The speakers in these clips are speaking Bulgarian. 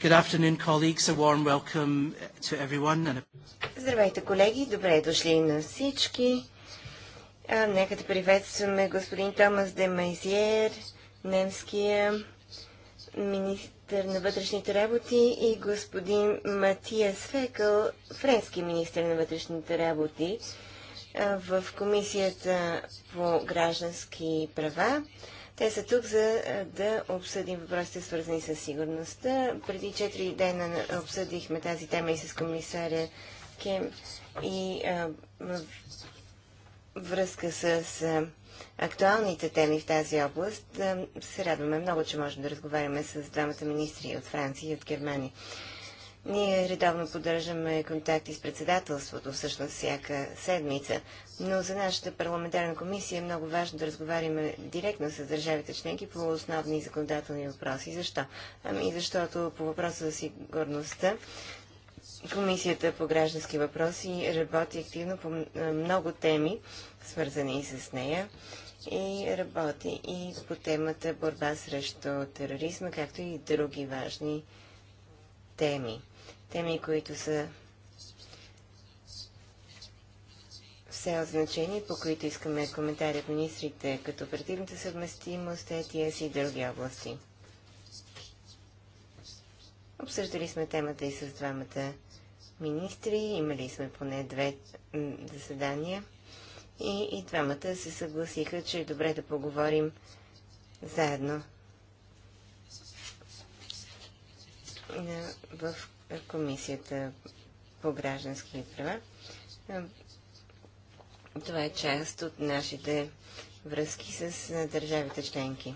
Good afternoon, colleagues. A warm welcome uh, to everyone. Здравейте, колеги. Добре дошли на всички. нека да приветстваме господин Томас де Майзиер, немския министр на вътрешните работи и господин Матия Свекъл, френски министр на вътрешните работи в Комисията по граждански права. Те са тук за да обсъдим въпросите, свързани с сигурността. Преди 4 дена обсъдихме тази тема и с комисаря Кем и а, връзка с а, актуалните теми в тази област а, се радваме много, че можем да разговаряме с двамата министри от Франция и от Германия. Ние редовно поддържаме контакти с председателството, всъщност всяка седмица, но за нашата парламентарна комисия е много важно да разговаряме директно с държавите членки по основни законодателни въпроси. Защо? Ами защото по въпроса за сигурността Комисията по граждански въпроси работи активно по много теми, свързани с нея и работи и по темата борба срещу тероризма, както и други важни теми теми, които са все от значение, по които искаме коментари от министрите, като оперативната съвместимост, ЕТС и други области. Обсъждали сме темата и с двамата министри, имали сме поне две заседания и, и двамата се съгласиха, че е добре да поговорим заедно в Комисията по граждански права. Това е част от нашите връзки с държавите членки.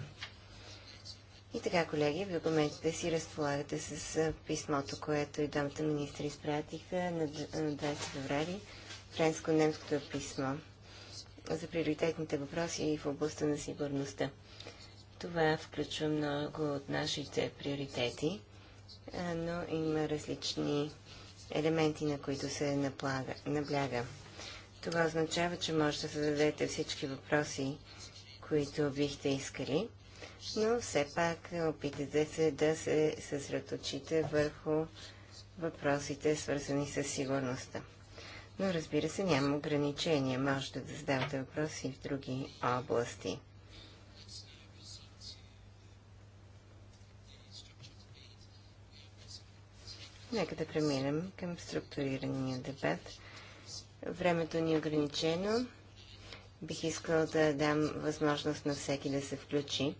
И така, колеги, в документите си разполагате с писмото, което и двамата министри изпратиха на 20 феврари, френско-немското писмо за приоритетните въпроси в областта на сигурността. Това включва много от нашите приоритети но има различни елементи, на които се набляга. Това означава, че може да зададете всички въпроси, които бихте искали, но все пак опитате се да се съсредоточите върху въпросите, свързани с сигурността. Но разбира се, няма ограничения. Можете да задавате въпроси и в други области. Нека да преминем към структурирания дебат. Времето ни е ограничено. Бих искал да дам възможност на всеки да се включи.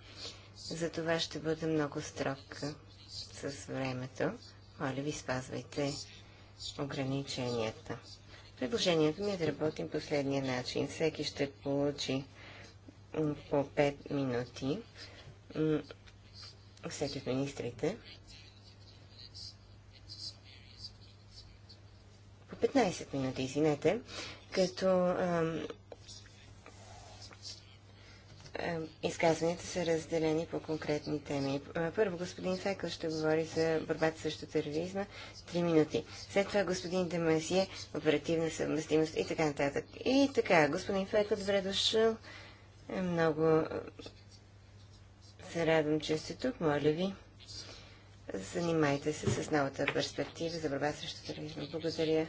За това ще бъда много строг с времето. Моля ви, спазвайте ограниченията. Предложението ми е да работим последния начин. Всеки ще получи по 5 минути. Всеки от министрите. 15 минути, извинете, като а, а, изказванията са разделени по конкретни теми. Първо господин Фекъл ще говори за борбата срещу тероризма 3 минути. След това господин Демасие, оперативна съвместимост и така нататък. И така, господин Фекъл, добре дошъл. Е, много се радвам, че сте тук, моля ви занимайте се с новата перспектива за борба срещу тероризма. Благодаря,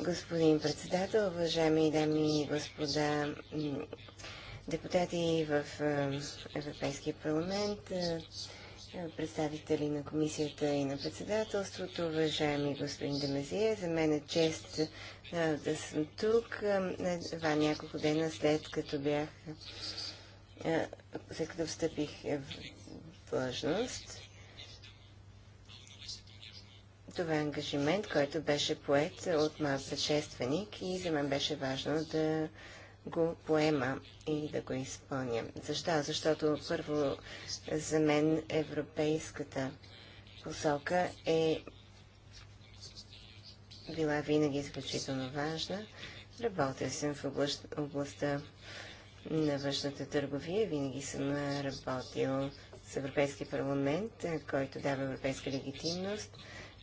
господин председател, уважаеми дами и господа депутати в е, Европейския парламент, е, представители на комисията и на председателството, уважаеми господин Демезия. За мен е чест е, да съм тук. Това няколко дена след като бях, след като встъпих в длъжност. Това е ангажимент, който беше поет от моят предшественик и за мен беше важно да го поема и да го изпълня. Защо? Защото първо за мен европейската посока е била винаги изключително важна. Работя съм в област, областта на външната търговия, винаги съм работил с парламент, е, който дава европейска легитимност.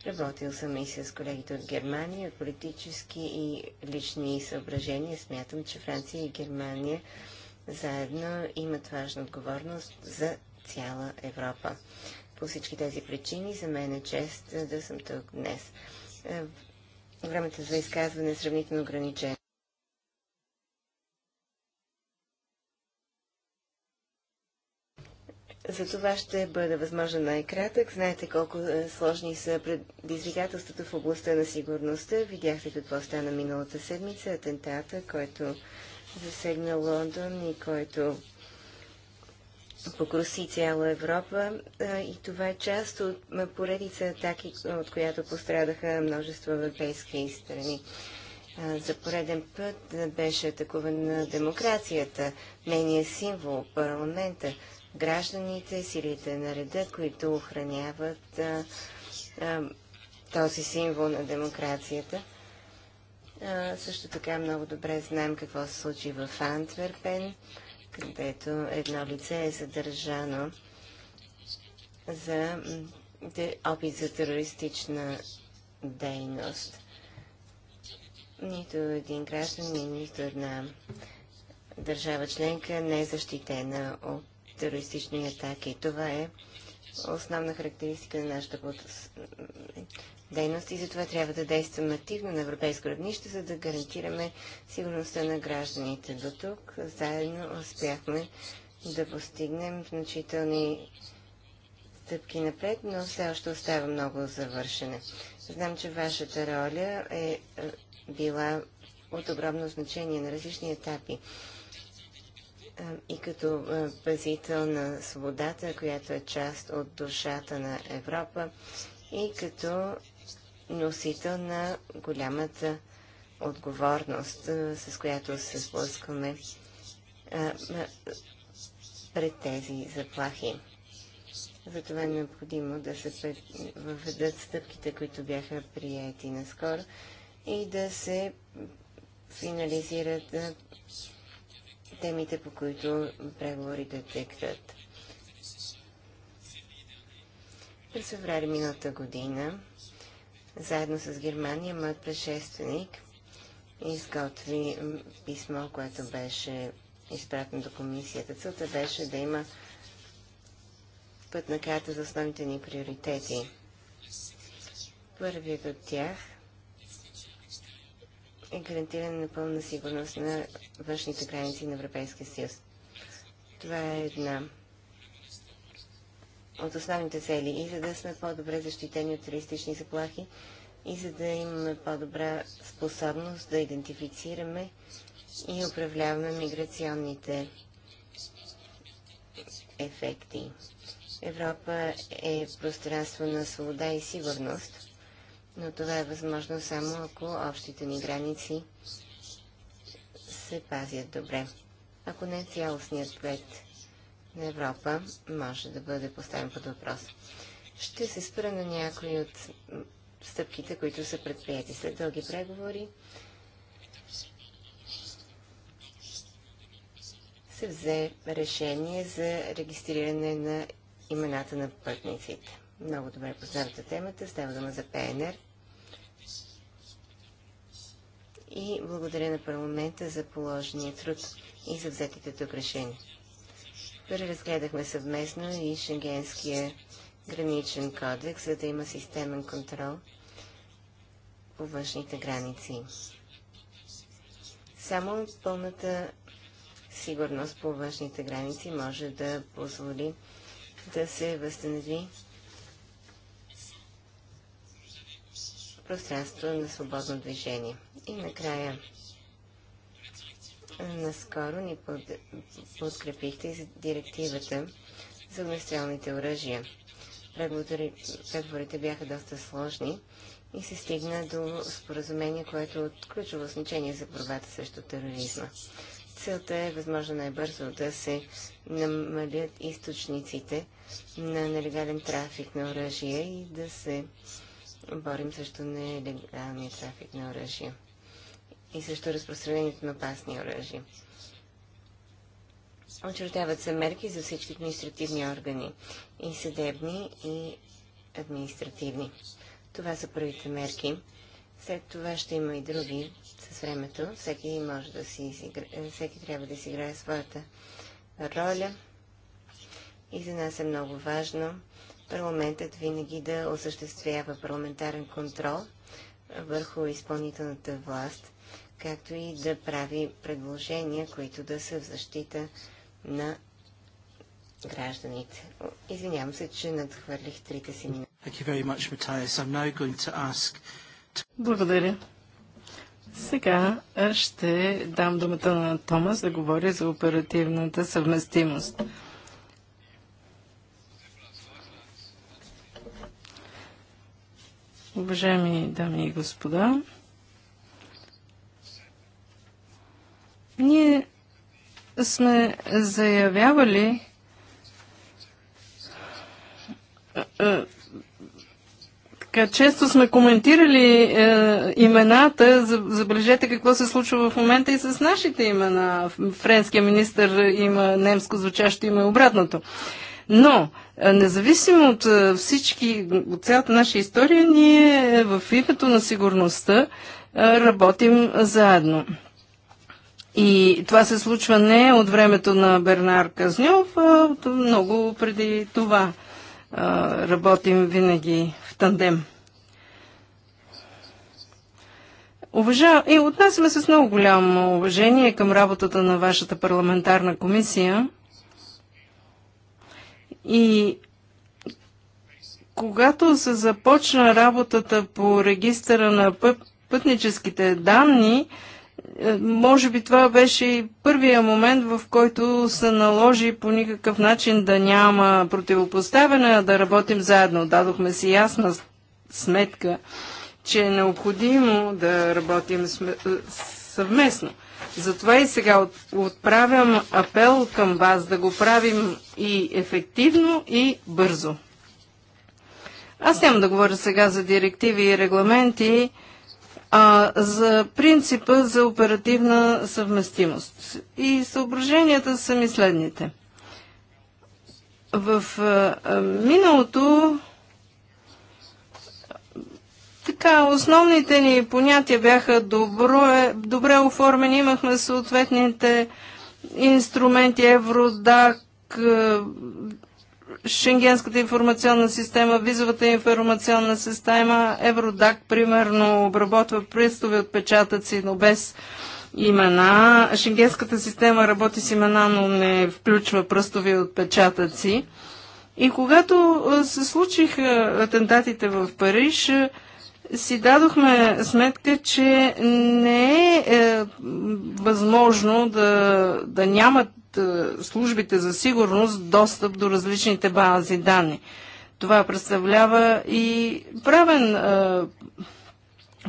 Работил съм и с колегите от Германия. От политически и лични съображения смятам, че Франция и Германия заедно имат важна отговорност за цяла Европа. По всички тези причини за мен е чест е, да съм тук днес. Е, времето за изказване е сравнително ограничено. За това ще бъде възможно най-кратък. Знаете колко е, сложни са предизвикателствата в областта на сигурността. Видяхте какво стана миналата седмица, атентата, който засегна Лондон и който покруси цяла Европа. и това е част от поредица атаки, от която пострадаха множество европейски страни. за пореден път беше атакувана демокрацията, нейният символ, парламента гражданите, силите на реда, които охраняват а, а, този символ на демокрацията. А, също така много добре знаем какво се случи в Антверпен, където едно лице е задържано за опит за терористична дейност. Нито един гражданин, нито една държава членка не е защитена от терористични атаки. Това е основна характеристика на нашата дейност и затова трябва да действаме активно на европейско равнище, за да гарантираме сигурността на гражданите. До тук заедно успяхме да постигнем значителни стъпки напред, но все още остава много завършене. Знам, че вашата роля е, е била от огромно значение на различни етапи и като пазител на свободата, която е част от душата на Европа и като носител на голямата отговорност, с която се сблъскваме пред тези заплахи. Затова е необходимо да се въведат стъпките, които бяха приети наскоро и да се финализират темите, по които преговорите текат. През феврари миналата година, заедно с Германия, моят предшественик изготви писмо, което беше изпратено до комисията. Целта беше да има път на карта за основните ни приоритети. Първият от тях е гарантиране на пълна сигурност на външните граници на Европейския съюз. Това е една от основните цели и за да сме по-добре защитени от терористични заплахи, и за да имаме по-добра способност да идентифицираме и управляваме миграционните ефекти. Европа е пространство на свобода и сигурност но това е възможно само ако общите ни граници се пазят добре. Ако не, цялостният проект на Европа може да бъде поставен под въпрос. Ще се спра на някои от стъпките, които са предприяти след дълги преговори. се взе решение за регистриране на имената на пътниците. Много добре познавате темата. Става дума за ПНР и благодаря на парламента за положения труд и за взетите тук решения. Преразгледахме съвместно и Шенгенския граничен кодекс, за да има системен контрол по външните граници. Само пълната сигурност по външните граници може да позволи да се възстанови пространство на свободно движение. И накрая, наскоро ни подкрепихте подкрепихте за директивата за огнестрелните оръжия. Преговорите бяха доста сложни и се стигна до споразумение, което е от ключово значение за борбата срещу тероризма. Целта е възможно най-бързо да се намалят източниците на нелегален трафик на оръжия и да се борим срещу нелегалния трафик на оръжия и срещу разпространението на опасни оръжия. Очертават се мерки за всички административни органи и съдебни и административни. Това са първите мерки. След това ще има и други с времето. Всеки, може да си Всеки трябва да си играе своята роля. И за нас е много важно парламентът винаги да осъществява парламентарен контрол върху изпълнителната власт, както и да прави предложения, които да са в защита на гражданите. Извинявам се, че надхвърлих трите си минути. Благодаря. Сега ще дам думата на Томас да говори за оперативната съвместимост. Уважаеми дами и господа, ние сме заявявали е, е, така, често сме коментирали е, имената. Забележете какво се случва в момента и с нашите имена. Френския министр има немско звучащо име, обратното. Но, е, независимо от е, всички, от цялата наша история, ние е, в името на сигурността работим заедно. И това се случва не от времето на Бернар Казньов, а от много преди това. Работим винаги в тандем. Уважа... И отнасяме се с много голямо уважение към работата на вашата парламентарна комисия – и когато се започна работата по регистъра на път, пътническите данни, е, може би това беше и първия момент, в който се наложи по никакъв начин да няма противопоставяне, а да работим заедно. Дадохме си ясна сметка, че е необходимо да работим с съвместно. Затова и сега отправям апел към вас да го правим и ефективно, и бързо. Аз нямам да говоря сега за директиви и регламенти, а за принципа за оперативна съвместимост. И съображенията са ми следните. В миналото така, основните ни понятия бяха добро, е, добре оформени, имахме съответните инструменти, Евродак, е, Шенгенската информационна система, визовата информационна система, Евродак, примерно, обработва пръстови отпечатъци, но без имена. Шенгенската система работи с имена, но не включва пръстови отпечатъци. И когато се случиха атентатите в Париж, си дадохме сметка, че не е, е възможно да, да нямат е, службите за сигурност достъп до различните бази данни. Това представлява и правен е,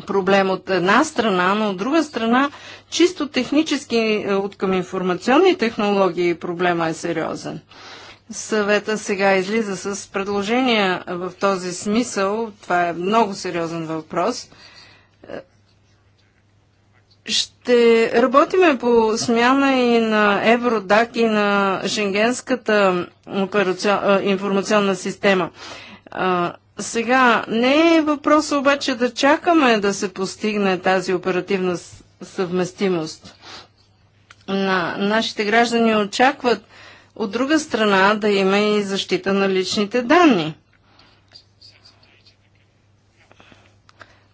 проблем от една страна, но от друга страна, чисто технически е, от към информационни технологии проблема е сериозен. Съвета сега излиза с предложения в този смисъл. Това е много сериозен въпрос. Ще работиме по смяна и на Евродак и на Шенгенската информационна система. сега, не е въпрос обаче да чакаме да се постигне тази оперативна съвместимост. На, нашите граждани очакват от друга страна да има и защита на личните данни.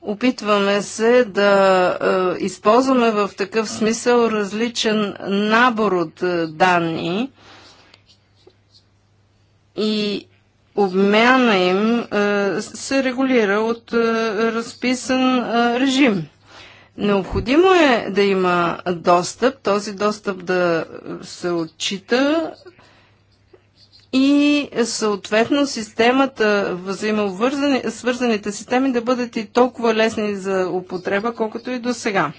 Опитваме се да е, използваме в такъв смисъл различен набор от е, данни и обмяна им е, се регулира от е, разписан е, режим. Необходимо е да има достъп, този достъп да се отчита и съответно системата, свързаните системи да бъдат и толкова лесни за употреба, колкото и до сега.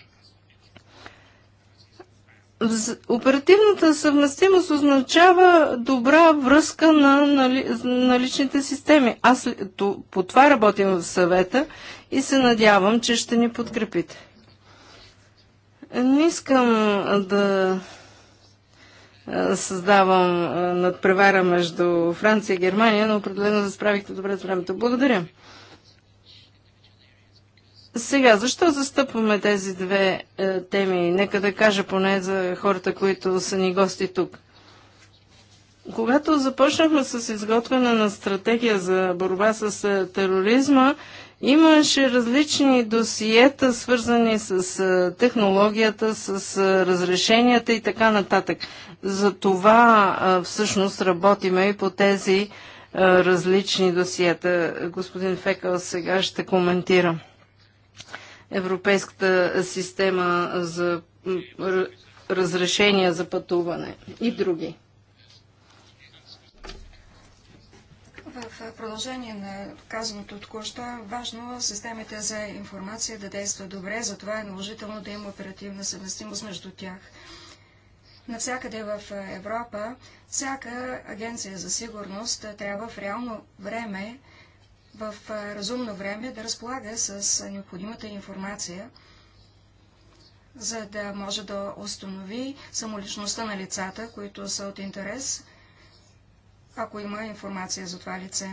Оперативната съвместимост означава добра връзка на нали, наличните системи. Аз по това работим в съвета и се надявам, че ще ни подкрепите. Не искам да създавам надпревара между Франция и Германия, но определено да справихте добре с времето. Благодаря. Сега, защо застъпваме тези две е, теми? Нека да кажа поне за хората, които са ни гости тук. Когато започнахме с изготвяне на стратегия за борба с е, тероризма, Имаше различни досиета, свързани с технологията, с разрешенията и така нататък. За това всъщност работиме и по тези различни досиета. Господин Фекал сега ще коментира Европейската система за разрешения за пътуване и други. продължение на казаното току-що е важно системите за информация да действат добре, затова е наложително да има оперативна съвместимост между тях. Навсякъде в е, Европа, всяка агенция за сигурност трябва в реално време, в е, разумно време да разполага с е, необходимата информация, за да може да установи самоличността на лицата, които са от интерес ако има информация за това лице.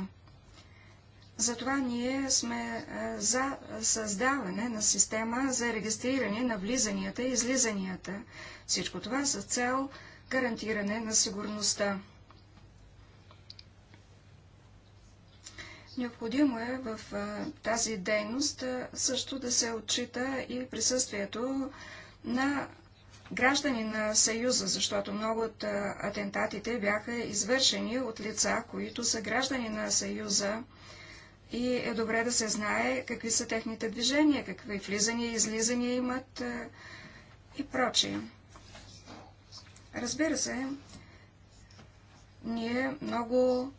Затова ние сме е, за създаване на система за регистриране на влизанията и излизанията. Всичко това с цел гарантиране на сигурността. Необходимо е в е, тази дейност е, също да се отчита и присъствието на граждани на Съюза, защото много от атентатите бяха извършени от лица, които са граждани на Съюза и е добре да се знае какви са техните движения, какви влизания и излизания имат и прочие. Разбира се, ние много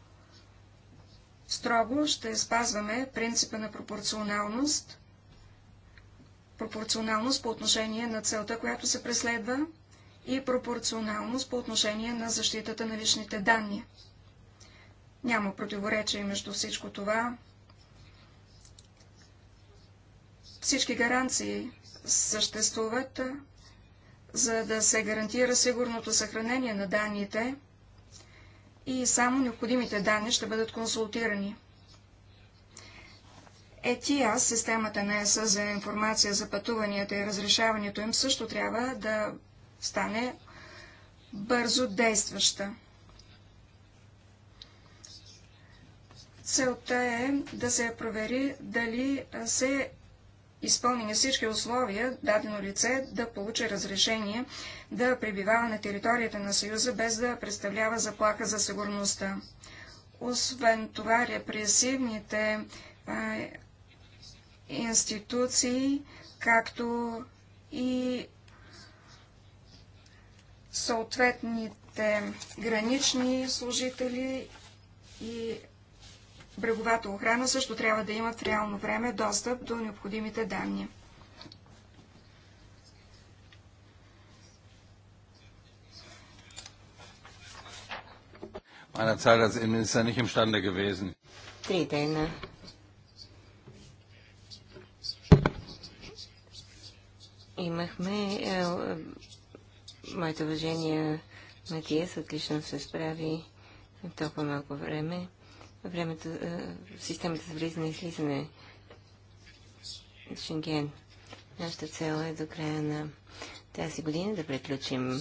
строго ще спазваме принципа на пропорционалност пропорционалност по отношение на целта, която се преследва и пропорционалност по отношение на защитата на личните данни. Няма противоречие между всичко това. Всички гаранции съществуват, за да се гарантира сигурното съхранение на данните и само необходимите данни ще бъдат консултирани. ETIAS, е, системата на ЕСА за информация за пътуванията и разрешаването им, също трябва да стане бързо действаща. Целта е да се провери дали се изпълнени всички условия дадено лице да получи разрешение да пребивава на територията на Съюза, без да представлява заплаха за сигурността. Освен това, репресивните институции, както и съответните гранични служители и бреговата охрана също трябва да имат в реално време достъп до необходимите данни. meiner Zeit als Innenminister nicht imstande gewesen. Три дена Имахме е, е, моето уважение моите уважения Матиас отлично се справи толкова малко време. Времето, е, системата за влизане и слизане Шенген. Нашата цел е до края на тази година да приключим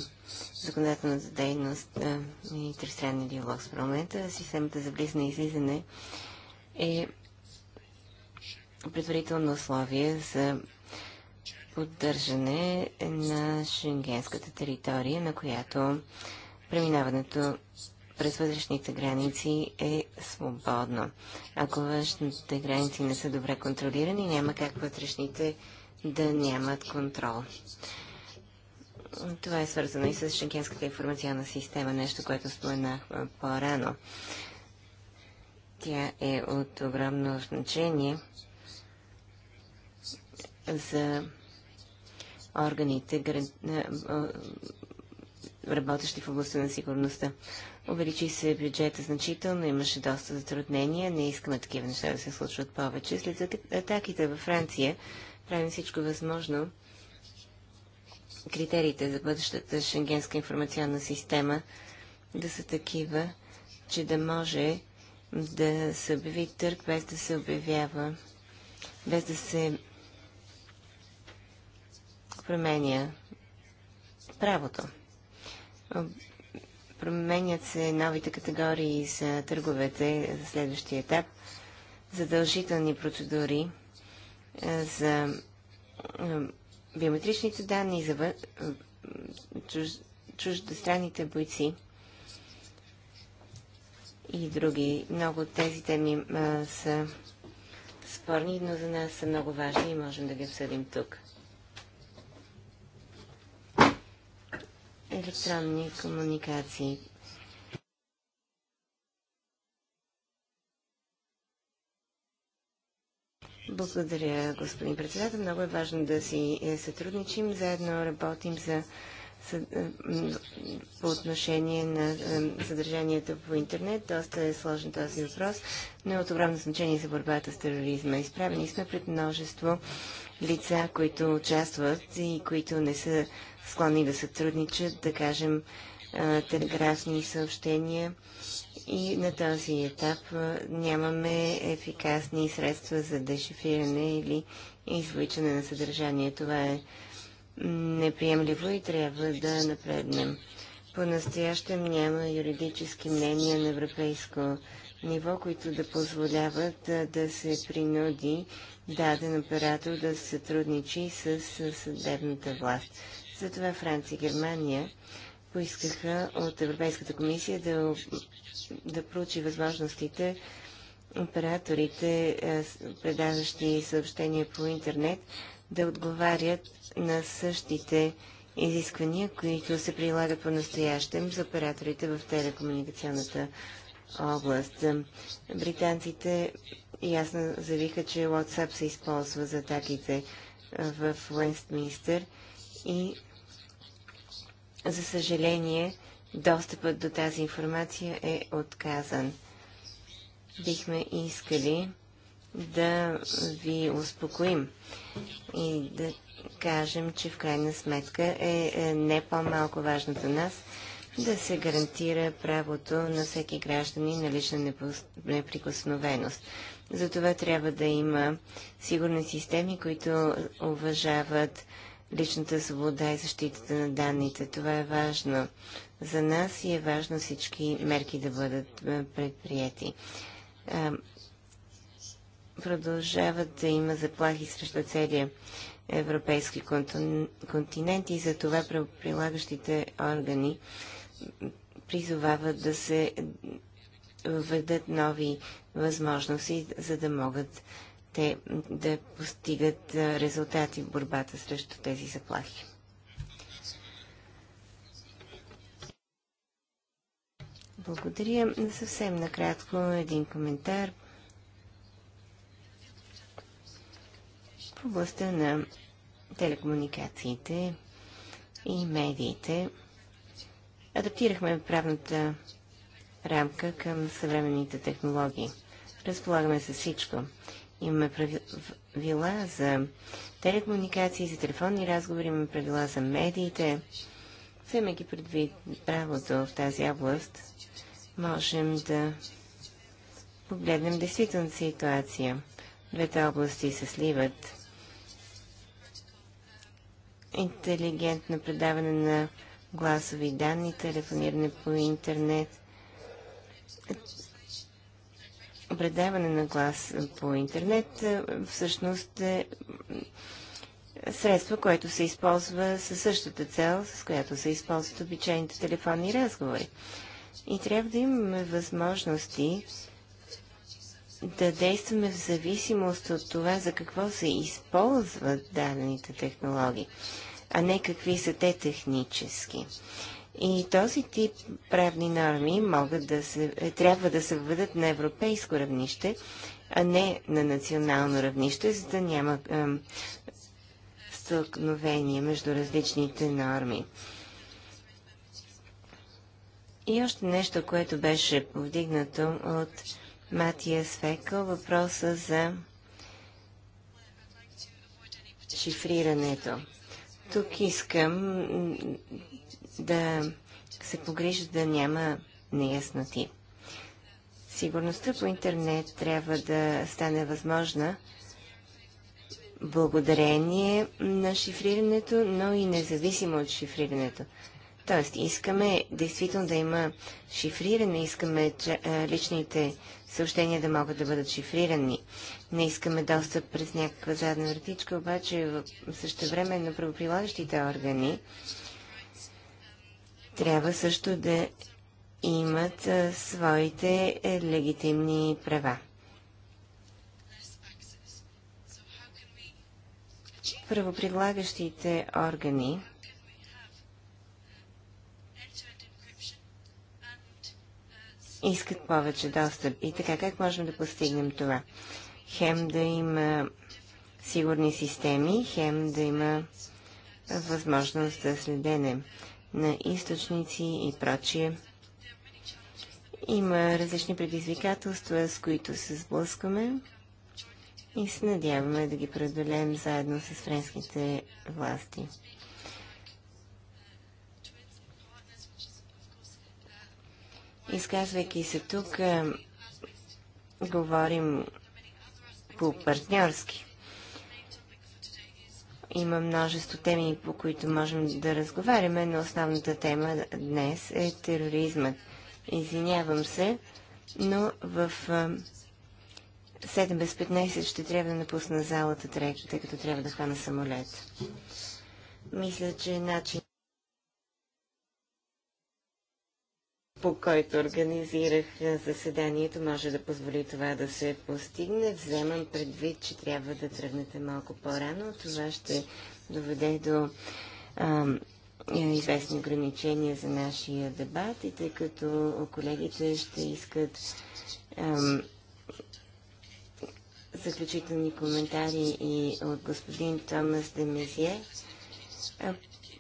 законодателната дейност и тристранния диалог с парламента. Системата за влизане и излизане е предварително условие за поддържане на шенгенската територия, на която преминаването през вътрешните граници е свободно. Ако външните граници не са добре контролирани, няма как вътрешните да нямат контрол. Това е свързано и с Шенгенската информационна система, нещо, което споменах по-рано. Тя е от огромно значение за органите, е, е, работещи в областта на сигурността. Увеличи се бюджета значително, имаше доста затруднения, не искаме такива неща да се случват повече. След атаките във Франция правим всичко възможно критериите за бъдещата шенгенска информационна система да са такива, че да може да се обяви търг без да се обявява, без да се променя правото. Променят се новите категории за търговете за следващия етап, задължителни процедури за биометричните данни за чуждостранните бойци и други. Много от тези теми са спорни, но за нас са много важни и можем да ги обсъдим тук. електронни комуникации. Благодаря, господин председател. Много е важно да си е, сътрудничим. Заедно работим за е, по отношение на е, съдържанието по интернет. Доста е сложен този въпрос, но е от огромно значение за борбата с тероризма. Изправени сме пред множество лица, които участват и които не са склонни да сътрудничат, да кажем, е, телеграфни съобщения. И на този етап нямаме ефикасни средства за дешифриране или извличане на съдържание. Това е неприемливо и трябва да напреднем. По-настоящем няма юридически мнения на европейско ниво, които да позволяват да се принуди даден оператор да се сътрудничи с, с съдебната власт. Затова Франция и Германия поискаха от Европейската комисия да, да проучи възможностите операторите, предаващи съобщения по интернет, да отговарят на същите изисквания, които се прилагат по-настоящем за операторите в телекомуникационната област. Британците ясно заявиха, че WhatsApp се използва за атаките в Уестминстър и за съжаление достъпът до тази информация е отказан. Бихме искали да ви успокоим и да кажем, че в крайна сметка е, е не по-малко важно за нас да се гарантира правото на всеки граждани на лична неприкосновеност. Затова трябва да има сигурни системи, които уважават личната свобода и защитата на данните. Това е важно за нас и е важно всички мерки да бъдат е, предприяти продължават да има заплахи срещу целия европейски континент и за това прилагащите органи призовават да се введат нови възможности, за да могат те да постигат резултати в борбата срещу тези заплахи. Благодаря. Съвсем накратко един коментар областта на телекомуникациите и медиите адаптирахме правната рамка към съвременните технологии. Разполагаме се всичко. Имаме правила за телекомуникации, за телефонни разговори, имаме правила за медиите. Вземайки предвид правото в тази област, можем да погледнем действителната ситуация. Двете области се сливат интелигентно предаване на гласови данни, телефониране по интернет, предаване на глас по интернет е, всъщност е средство, което се използва със същата цел, с която се използват обичайните телефонни разговори. И трябва да имаме възможности да действаме в зависимост от това за какво се използват дадените технологии а не какви са те технически. И този тип правни норми могат да се, е, трябва да се въведат на европейско равнище, а не на национално равнище, за да няма е, стълкновение между различните норми. И още нещо, което беше повдигнато от Матия Свекъл, въпроса за шифрирането. Тук искам да се погрижа да няма неясноти. Сигурността по интернет трябва да стане възможна благодарение на шифрирането, но и независимо от шифрирането. Тоест, искаме действително да има шифриране, искаме личните съобщения да могат да бъдат шифрирани. Не искаме достъп през някаква задна вратичка, обаче на правоприлагащите органи трябва също да имат своите е, легитимни права. Правоприлагащите органи искат повече достъп. И така, как можем да постигнем това? Хем да има сигурни системи, хем да има възможност за да следене на източници и прочие. Има различни предизвикателства, с които се сблъскваме и се надяваме да ги преодолеем заедно с френските власти. Изказвайки се тук, е, говорим по партньорски. Има множество теми, по които можем да разговаряме, но основната тема днес е тероризмът. Извинявам се, но в 7 е, без 15 ще трябва да напусна залата, тъй като трябва да хвана самолет. Мисля, че начин по който организирах заседанието, може да позволи това да се постигне. Вземам предвид, че трябва да тръгнете малко по-рано. Това ще доведе до а, е, известни ограничения за нашия дебат и тъй като колегите ще искат а, заключителни коментари и от господин Томас Демезие,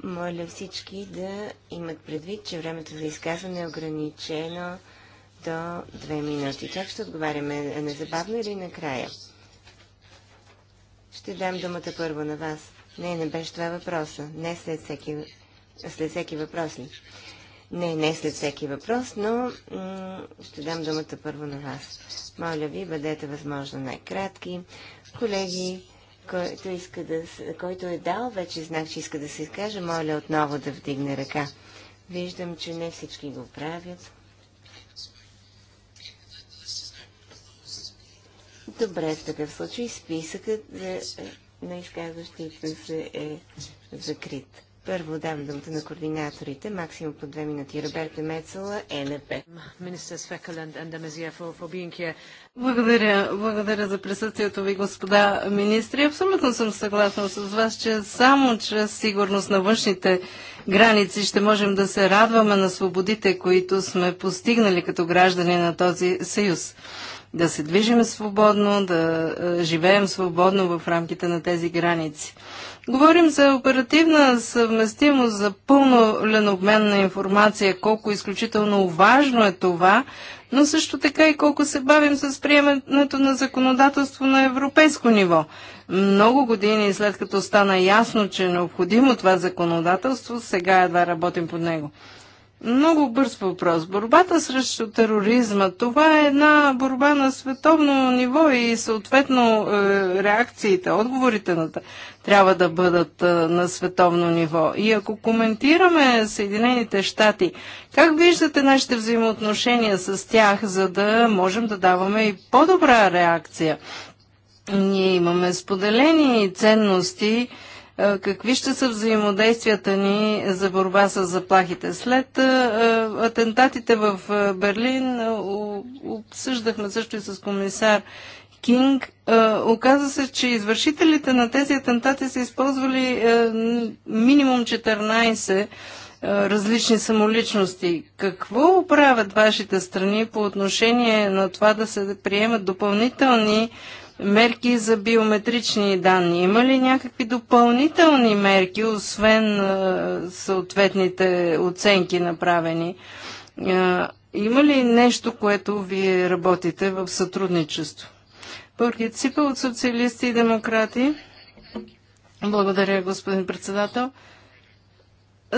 моля всички да имат предвид, че времето за изказване е ограничено до две минути. Как ще отговаряме? Е, незабавно или накрая? Ще дам думата първо на вас. Не, не беше това въпроса. Не след всеки, след всеки въпрос. Ли? Не, не след всеки въпрос, но ще дам думата първо на вас. Моля ви, бъдете възможно най-кратки. Колеги, който, иска да, който е дал вече знак, че иска да се каже, моля отново да вдигне ръка. Виждам, че не всички го правят. Добре, в такъв случай списъкът на изказващите се е закрит. Първо дам думата на координаторите, максимум по две минути. Роберта Мецела, ЕНП. Благодаря, благодаря за присъствието ви, господа министри. Абсолютно съм съгласна с вас, че само чрез сигурност на външните граници ще можем да се радваме на свободите, които сме постигнали като граждани на този съюз да се движим свободно, да е, живеем свободно в рамките на тези граници. Говорим за оперативна съвместимост, за пълнолен обмен на информация, колко изключително важно е това, но също така и колко се бавим с приемането на законодателство на европейско ниво. Много години след като стана ясно, че е необходимо това законодателство, сега едва работим под него. Много бърз въпрос. Борбата срещу тероризма, това е една борба на световно ниво и съответно е, реакциите, отговорите на, трябва да бъдат е, на световно ниво. И ако коментираме Съединените щати, как виждате нашите взаимоотношения с тях, за да можем да даваме и по-добра реакция? Ние имаме споделени ценности, е, какви ще са взаимодействията ни за борба с заплахите. След е, е, атентатите в Берлин обсъждахме също и с комисар Кинг. Оказа се, че извършителите на тези атентати са използвали минимум 14 различни самоличности. Какво правят вашите страни по отношение на това да се приемат допълнителни мерки за биометрични данни. Има ли някакви допълнителни мерки, освен съответните оценки направени? Има ли нещо, което вие работите в сътрудничество? Бургит Ципа от Социалисти и Демократи. Благодаря, господин председател.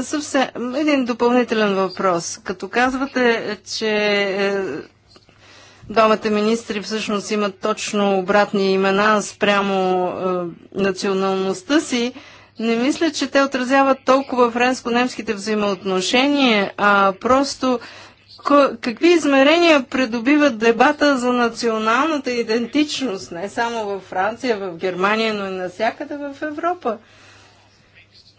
Съвсем един допълнителен въпрос. Като казвате, че е, Двамата министри всъщност имат точно обратни имена спрямо е, националността си. Не мисля, че те отразяват толкова френско-немските взаимоотношения, а просто какви измерения придобиват дебата за националната идентичност, не само във Франция, в Германия, но и навсякъде в Европа.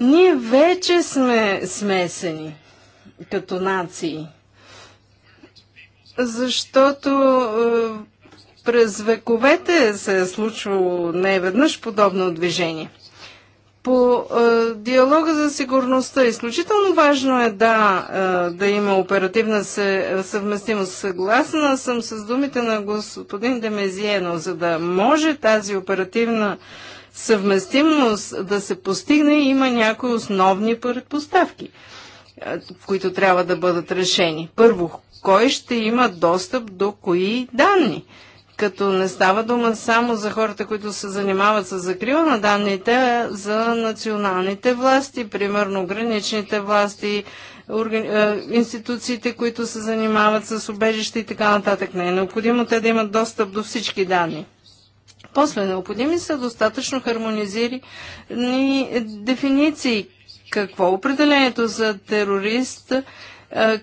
Ние вече сме смесени като нации защото е, през вековете се е случвало не веднъж подобно движение. По е, диалога за сигурността изключително важно е да, е, да има оперативна се, съвместимост. Съгласна съм с думите на господин Демезиено, за да може тази оперативна съвместимост да се постигне, има някои основни предпоставки, е, които трябва да бъдат решени. Първо, кой ще има достъп до кои данни. Като не става дума само за хората, които се занимават с закрива на данните, а за националните власти, примерно граничните власти, е, институциите, които се занимават с убежище и така нататък. Не е необходимо те да имат достъп до всички данни. После необходими са достатъчно хармонизирани дефиниции. Какво е определението за терорист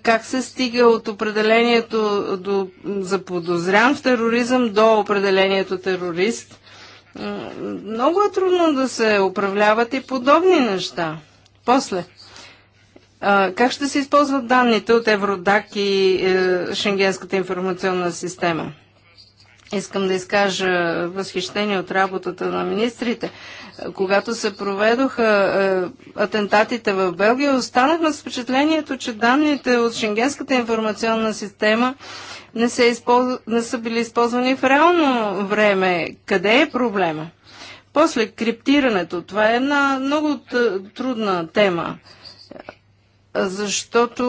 как се стига от определението до, за подозрян в тероризъм до определението терорист. Много е трудно да се управляват и подобни неща. После, как ще се използват данните от Евродак и е, Шенгенската информационна система? Искам да изкажа възхищение от работата на министрите. Когато се проведоха е, атентатите в Белгия, останахме с впечатлението, че данните от Шенгенската информационна система не се използ... не са били използвани в реално време. Къде е проблема? После криптирането. Това е една много трудна тема защото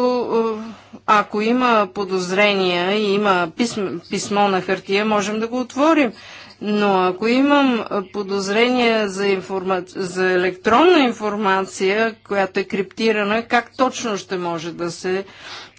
е, ако има подозрения и има писмо, писмо на хартия, можем да го отворим. Но ако имам е, подозрение за, информа... за електронна информация, която е криптирана, как точно ще може да се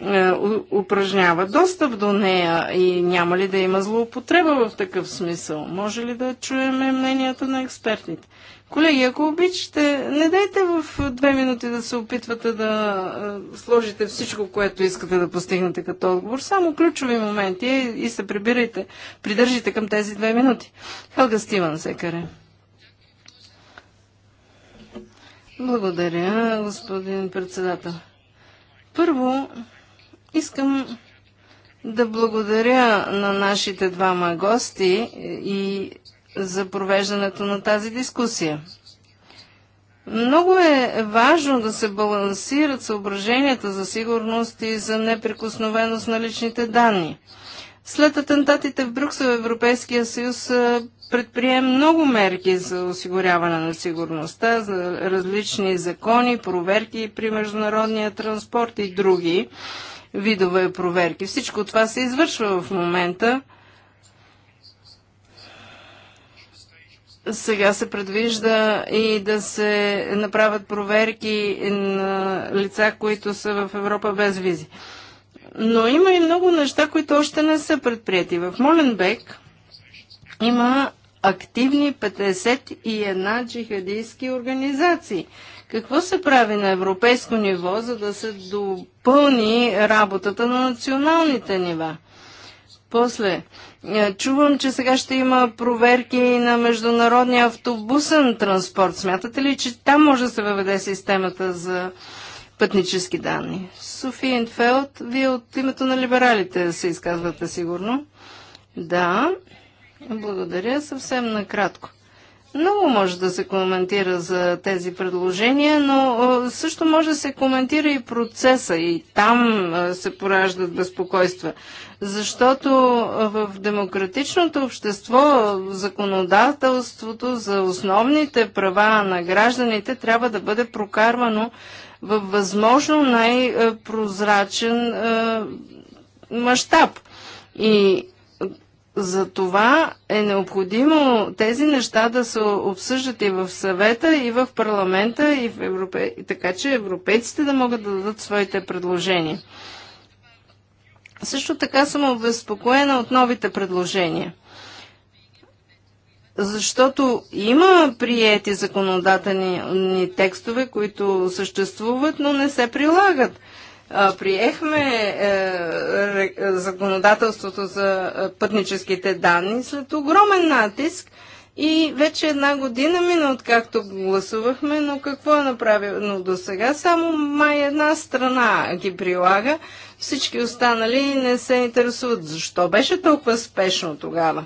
е, упражнява достъп до нея и няма ли да има злоупотреба в такъв смисъл? Може ли да чуем мненията на експертите? Колеги, ако обичате, не дайте в две минути да се опитвате да сложите всичко, което искате да постигнете като отговор. Само ключови моменти е и се прибирайте, придържите към тези две минути. Хелга Стиван, секаре. Благодаря, господин председател. Първо, искам да благодаря на нашите двама гости и за провеждането на тази дискусия. Много е важно да се балансират съображенията за сигурност и за неприкосновеност на личните данни. След атентатите в Брюксел Европейския съюз предприе много мерки за осигуряване на сигурността, за различни закони, проверки при международния транспорт и други видове проверки. Всичко това се извършва в момента. Сега се предвижда и да се направят проверки на лица, които са в Европа без визи. Но има и много неща, които още не са предприяти. В Моленбек има активни 51 джихадистски организации. Какво се прави на европейско ниво, за да се допълни работата на националните нива? После, е, чувам, че сега ще има проверки на международния автобусен транспорт. Смятате ли, че там може да се въведе системата за пътнически данни? София Инфелд, вие от името на либералите се изказвате сигурно. Да, благодаря. Съвсем накратко. Много може да се коментира за тези предложения, но също може да се коментира и процеса и там се пораждат безпокойства. Защото в демократичното общество законодателството за основните права на гражданите трябва да бъде прокарвано във възможно най-прозрачен мащаб. И за това е необходимо тези неща да се обсъждат и в съвета, и в парламента, и в Европе... така че европейците да могат да дадат своите предложения. Също така съм обезпокоена от новите предложения. Защото има приети законодателни текстове, които съществуват, но не се прилагат приехме е, законодателството за е, пътническите данни след огромен натиск и вече една година мина откакто гласувахме, но какво е направено до сега? Само май една страна ги прилага, всички останали не се интересуват. Защо беше толкова спешно тогава?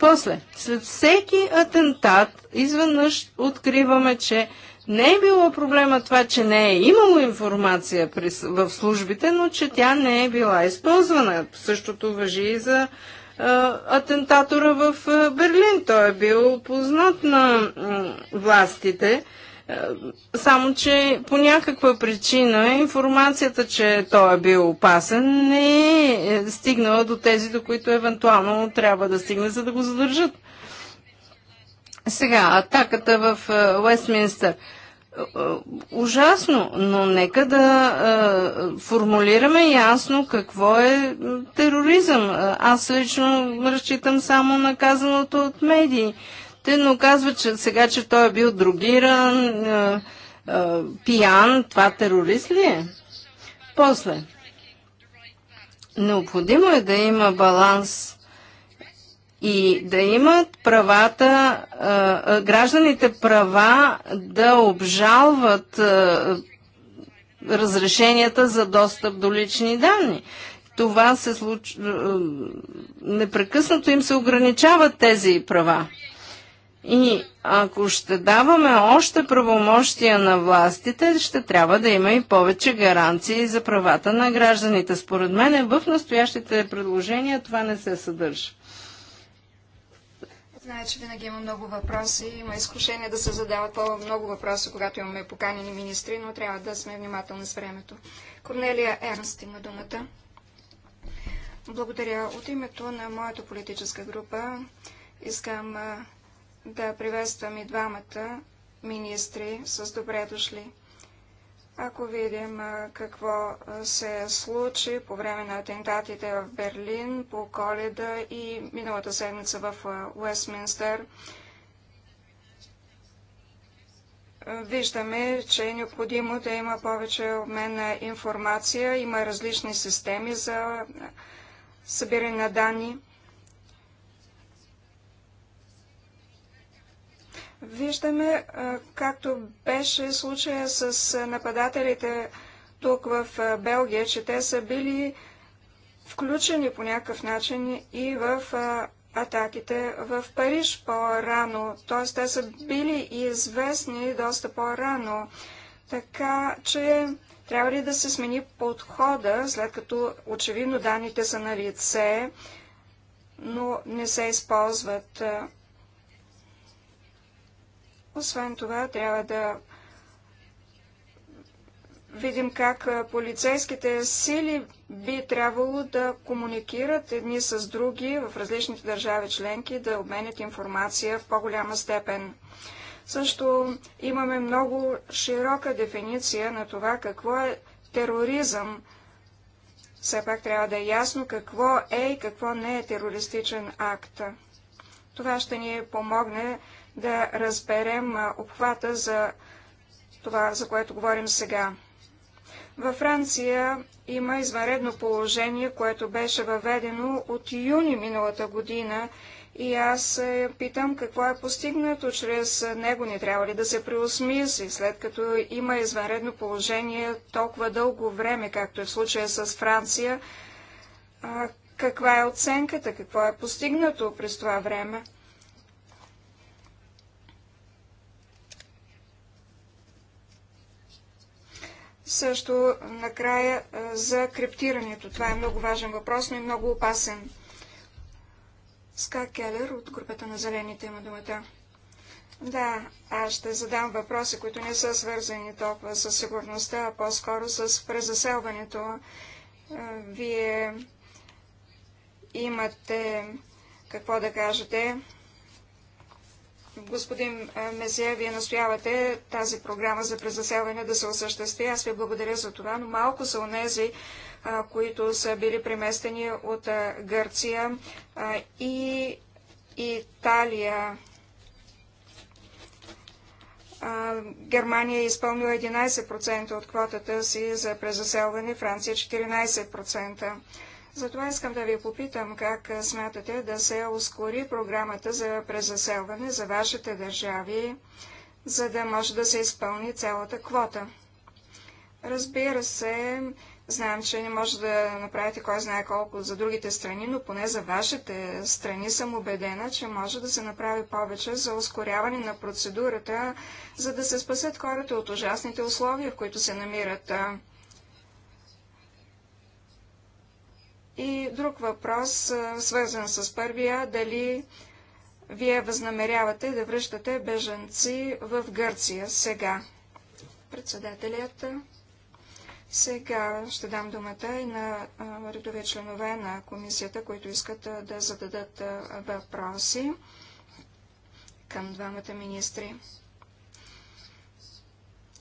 После, след всеки атентат, изведнъж откриваме, че не е било проблема това, че не е имало информация при, в службите, но че тя не е била използвана. Същото въжи и за а, атентатора в а, Берлин. Той е бил познат на а, властите. Само, че по някаква причина информацията, че той е бил опасен, не е, е стигнала до тези, до които евентуално трябва да стигне, за да го задържат. Сега, атаката в е, Уестминстър. Е, е, ужасно, но нека да формулираме ясно какво е тероризъм. Аз лично разчитам само на казаното от медии. Те, но казват, че сега, че той е бил другиран, пиян, това терорист ли е? После. Необходимо е да има баланс и да имат правата, гражданите права да обжалват разрешенията за достъп до лични данни. Това се случ... непрекъснато им се ограничават тези права. И ако ще даваме още правомощия на властите, ще трябва да има и повече гаранции за правата на гражданите. Според мен в настоящите предложения това не се съдържа. Знае, че винаги има много въпроси. Има изкушение да се задават по-много въпроси, когато имаме поканени министри, но трябва да сме внимателни с времето. Корнелия Ернст има думата. Благодаря. От името на моята политическа група искам да приветствам и двамата министри с добре дошли. Ако видим какво се случи по време на атентатите в Берлин, по коледа и миналата седмица в Уестминстър, виждаме, че е необходимо да има повече обмен на информация. Има различни системи за събиране на данни. Виждаме, както беше случая с нападателите тук в Белгия, че те са били включени по някакъв начин и в атаките в Париж по-рано. Т.е. те са били известни доста по-рано. Така че трябва ли да се смени подхода, след като очевидно данните са на лице, но не се използват. Освен това, трябва да видим как полицейските сили би трябвало да комуникират едни с други в различните държави членки, да обменят информация в по-голяма степен. Също имаме много широка дефиниция на това какво е тероризъм. Все пак трябва да е ясно какво е и какво не е терористичен акт. Това ще ни помогне да разберем обхвата за това, за което говорим сега. Във Франция има извънредно положение, което беше въведено от юни миналата година и аз питам какво е постигнато чрез него. Не трябва ли да се преосмисли, след като има извънредно положение толкова дълго време, както е в случая с Франция? каква е оценката? Какво е постигнато през това време? Също накрая за криптирането. Това е много важен въпрос, но и много опасен. Ска Келер от групата на Зелените има думата. Да, аз ще задам въпроси, които не са свързани толкова с сигурността, а по-скоро с презаселването. Вие имате какво да кажете Господин Мезия, вие настоявате тази програма за презаселване да се осъществи. Аз ви благодаря за това, но малко са онези, които са били преместени от Гърция и Италия. Германия е изпълнила 11% от квотата си за презаселване, Франция 14%. Затова искам да ви попитам как смятате да се ускори програмата за презаселване за вашите държави, за да може да се изпълни цялата квота. Разбира се, знам, че не може да направите кой знае колко за другите страни, но поне за вашите страни съм убедена, че може да се направи повече за ускоряване на процедурата, за да се спасят хората от ужасните условия, в които се намират. И друг въпрос, свързан с първия, дали вие възнамерявате да връщате беженци в Гърция сега? Председателят. Сега ще дам думата и на редови членове на комисията, които искат да зададат въпроси към двамата министри.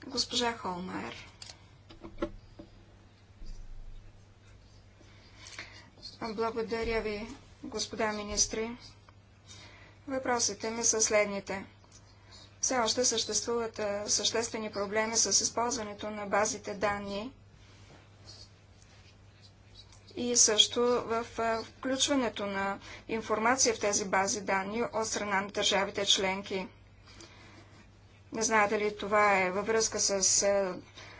Госпожа Холмайер. Благодаря ви, господа министри. Въпросите ми са следните. Все още съществуват съществени проблеми с използването на базите данни и също в включването на информация в тези бази данни от страна на държавите членки. Не знаете ли това е във връзка с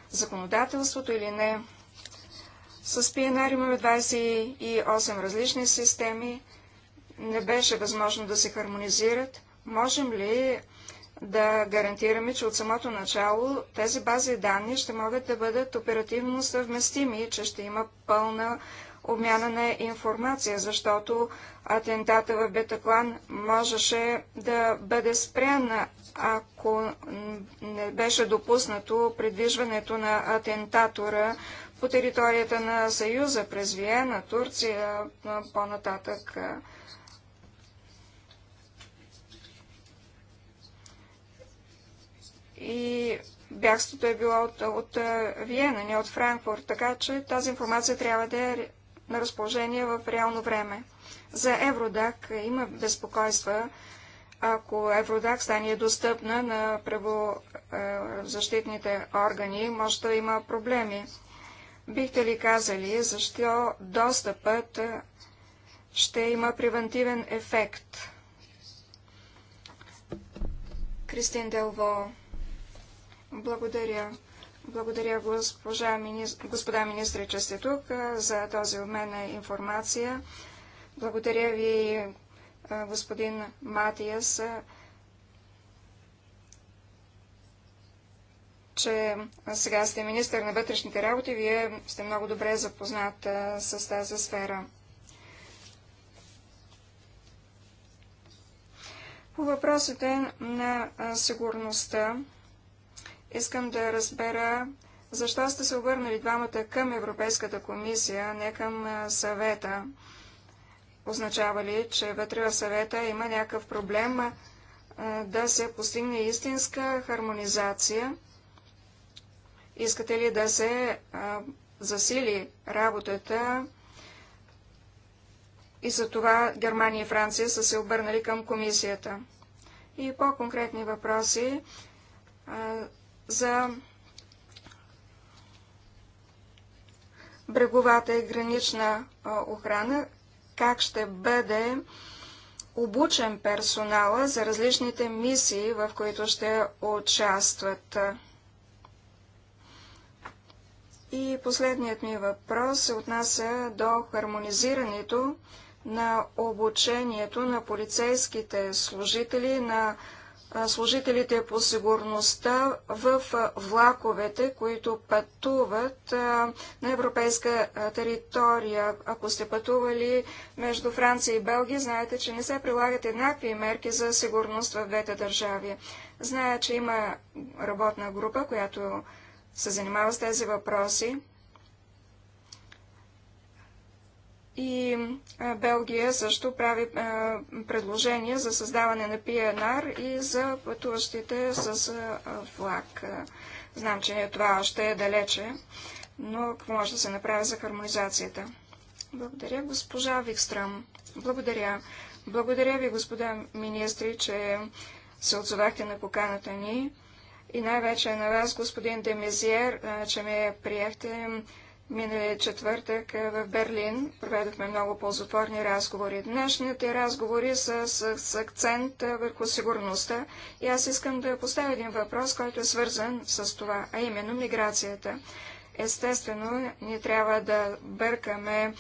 законодателството или не? С PNR имаме 28 различни системи. Не беше възможно да се хармонизират. Можем ли да гарантираме, че от самото начало тези бази данни ще могат да бъдат оперативно съвместими, че ще има пълна обмяна на информация, защото атентата в Бетаклан можеше да бъде спрян, ако не беше допуснато предвижването на атентатора по територията на Съюза през Виена, Турция, по-нататък. И бягството е било от, от Виена, не от Франкфурт, така че тази информация трябва да е на разположение в реално време. За Евродак има безпокойства, ако Евродак стане достъпна на правозащитните органи, може да има проблеми. Бихте ли казали, защо достъпът ще има превентивен ефект? Кристин Делво. Благодаря. Благодаря госпожа, господа министри, че сте тук за този обмен на информация. Благодаря ви, господин Матиас, че сега сте министър на вътрешните работи. Вие сте много добре запознат с тази сфера. По въпросите на сигурността, Искам да разбера защо сте се обърнали двамата към Европейската комисия, не към съвета. Означава ли, че вътре в съвета има някакъв проблем да се постигне истинска хармонизация? Искате ли да се засили работата и за това Германия и Франция са се обърнали към комисията? И по-конкретни въпроси за бреговата и гранична охрана, как ще бъде обучен персонала за различните мисии, в които ще участват. И последният ми въпрос се отнася до хармонизирането на обучението на полицейските служители на служителите по сигурността в влаковете, които пътуват на европейска територия. Ако сте пътували между Франция и Белгия, знаете, че не се прилагат еднакви мерки за сигурност в двете държави. Зная, че има работна група, която се занимава с тези въпроси. И Белгия също прави предложение за създаване на ПНР и за пътуващите с влак. Знам, че това още е далече, но какво може да се направи за хармонизацията? Благодаря, госпожа Викстрам. Благодаря. Благодаря ви, господа министри, че се отзовахте на поканата ни. И най-вече на вас, господин Демезиер, че ме приехте Миналия четвъртък е, в Берлин проведохме много ползотворни разговори. Днешните разговори са с, с акцент е, върху сигурността и аз искам да поставя един въпрос, който е свързан с това, а именно миграцията. Естествено, ние трябва да бъркаме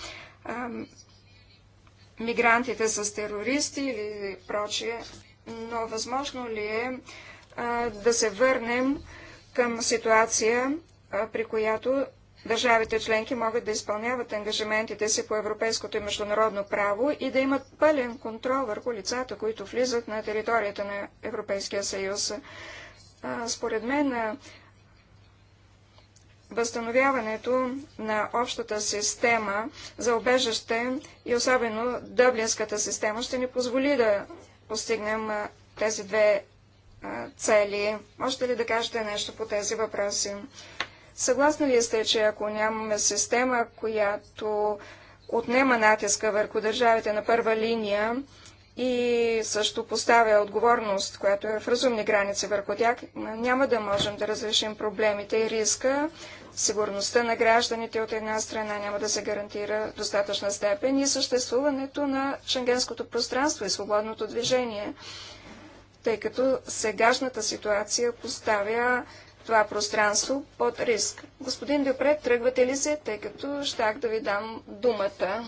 а, мигрантите с терористи или прочие, но възможно ли е а, да се върнем към ситуация, а, при която Държавите членки могат да изпълняват ангажиментите си по европейското и международно право и да имат пълен контрол върху лицата, които влизат на територията на Европейския съюз. според мен, възстановяването на общата система за обежаще и особено дъблинската система ще ни позволи да постигнем тези две цели. Можете ли да кажете нещо по тези въпроси? Съгласни ли сте, че ако нямаме система, която отнема натиска върху държавите на първа линия и също поставя отговорност, която е в разумни граници върху тях, няма да можем да разрешим проблемите и риска. Сигурността на гражданите от една страна няма да се гарантира в достатъчна степен и съществуването на шенгенското пространство и свободното движение, тъй като сегашната ситуация поставя това пространство под риск. Господин Дюпре, тръгвате ли се, тъй като щях да ви дам думата?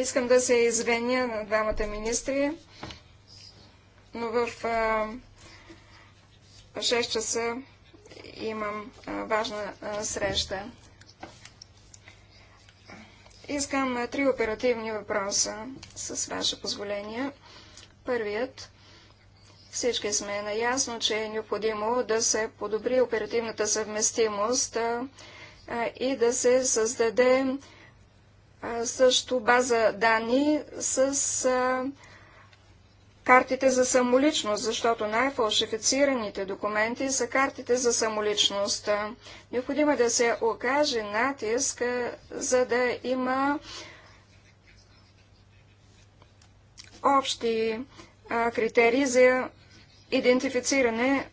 Искам да се извиня на двамата министри, но в 6 часа имам важна среща. Искам е, три оперативни въпроса, с ваше позволение. Първият. Всички сме наясно, че е необходимо да се подобри оперативната съвместимост е, е, и да се създаде също база данни с картите за самоличност, защото най-фалшифицираните документи са картите за самоличност. Необходимо е да се окаже натиск, за да има общи критерии за идентифициране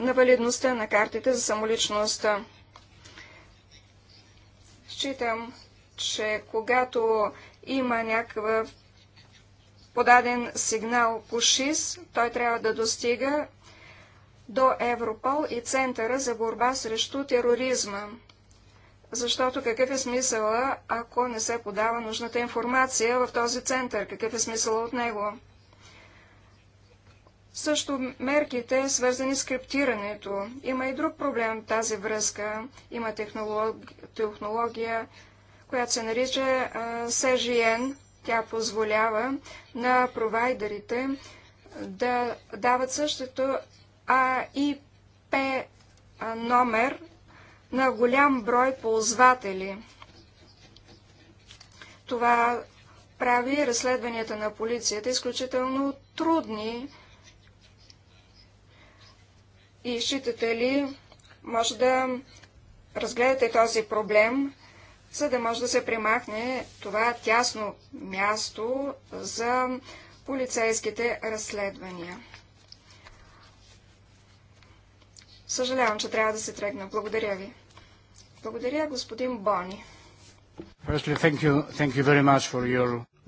на валидността на картите за самоличност. Считам, че когато има някакъв подаден сигнал по ШИС, той трябва да достига до Европол и Центъра за борба срещу тероризма. Защото какъв е смисъла, ако не се подава нужната информация в този център? Какъв е смисъла от него? Също мерките, свързани с криптирането. Има и друг проблем в тази връзка. Има технолог... технология, която се нарича СЖН. Тя позволява на провайдерите да дават същото АИП номер на голям брой ползватели. Това прави разследванията на полицията изключително трудни. И считате ли, може да разгледате този проблем за да може да се примахне това тясно място за полицейските разследвания. Съжалявам, че трябва да се тръгна. Благодаря ви. Благодаря, господин Бони.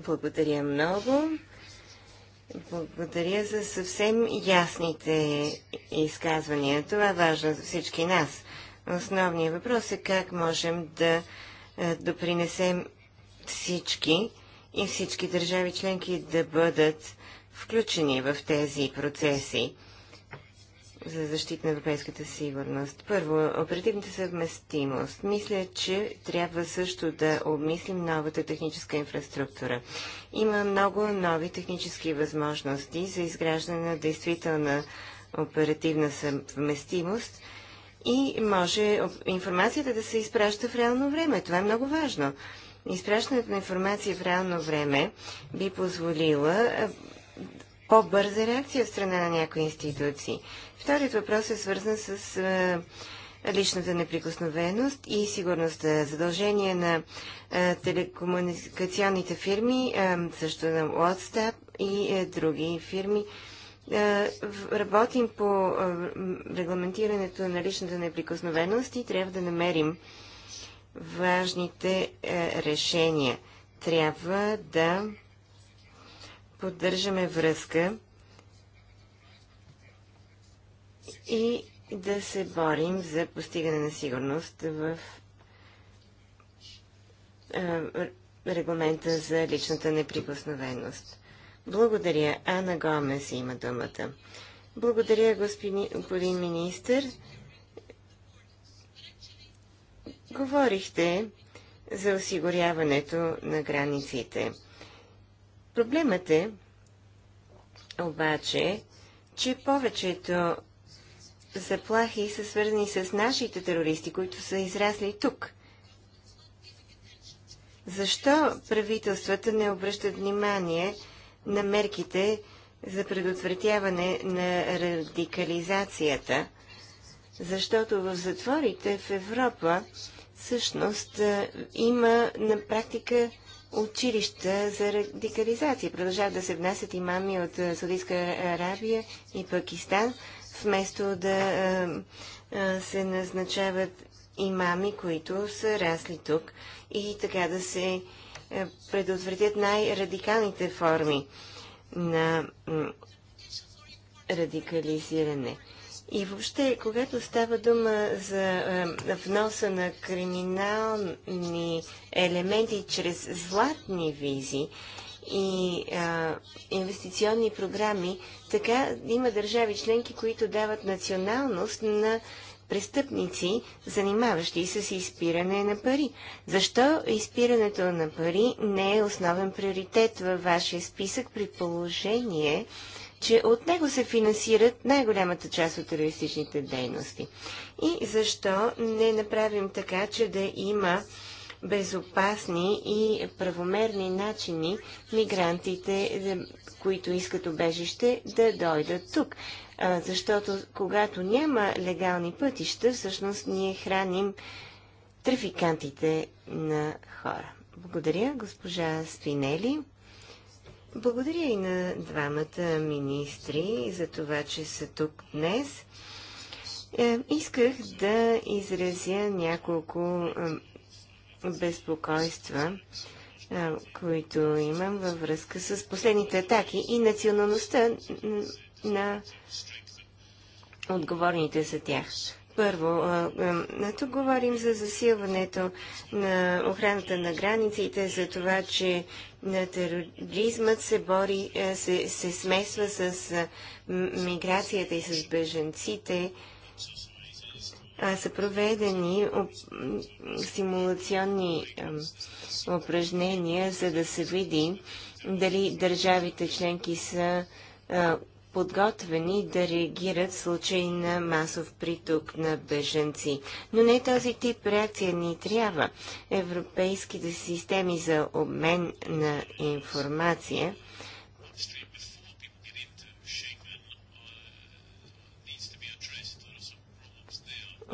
Благодаря много. Благодаря за съвсем ясните изказвания. Това е важно за всички нас. Основният въпрос е как можем да е, допринесем всички и всички държави членки да бъдат включени в тези процеси за защита на европейската сигурност. Първо, оперативната съвместимост. Мисля, че трябва също да обмислим новата техническа инфраструктура. Има много нови технически възможности за изграждане на действителна оперативна съвместимост – и може информацията да се изпраща в реално време. Това е много важно. Изпращането на информация в реално време би позволила по-бърза реакция от страна на някои институции. Вторият въпрос е свързан с личната неприкосновеност и сигурността. Задължение на телекомуникационните фирми, също на WhatsApp и други фирми, е, работим по е, регламентирането на личната неприкосновеност и трябва да намерим важните е, решения. Трябва да поддържаме връзка и да се борим за постигане на сигурност в регламента за личната неприкосновеност. Благодаря. Ана Гомес има думата. Благодаря, господин министр. Говорихте за осигуряването на границите. Проблемът е, обаче, че повечето заплахи са свързани с нашите терористи, които са израсли тук. Защо правителствата не обръщат внимание на мерките за предотвратяване на радикализацията, защото в затворите в Европа всъщност има на практика училища за радикализация. Продължават да се внасят имами от Саудитска Арабия и Пакистан, вместо да се назначават имами, които са расли тук и така да се е, предотвратят най-радикалните форми на радикализиране. И въобще, когато става дума за е, вноса на криминални елементи чрез златни визи и а, е, инвестиционни програми, така има държави членки, които дават националност на престъпници, занимаващи се с изпиране на пари. Защо изпирането на пари не е основен приоритет във вашия списък при положение, че от него се финансират най-голямата част от терористичните дейности? И защо не направим така, че да има безопасни и правомерни начини мигрантите, които искат обежище, да дойдат тук защото когато няма легални пътища, всъщност ние храним трафикантите на хора. Благодаря, госпожа Спинели. Благодаря и на двамата министри за това, че са тук днес. Е, исках да изразя няколко безпокойства, които имам във връзка с последните атаки и националността на отговорните за тях. Първо, тук говорим за засилването на охраната на границите, за това, че на тероризмът се бори, се, се смесва с миграцията и с беженците, а са проведени оп... симулационни упражнения, за да се види дали държавите членки са подготвени да реагират в случай на масов приток на бежанци. Но не този тип реакция ни трябва. Европейските системи за обмен на информация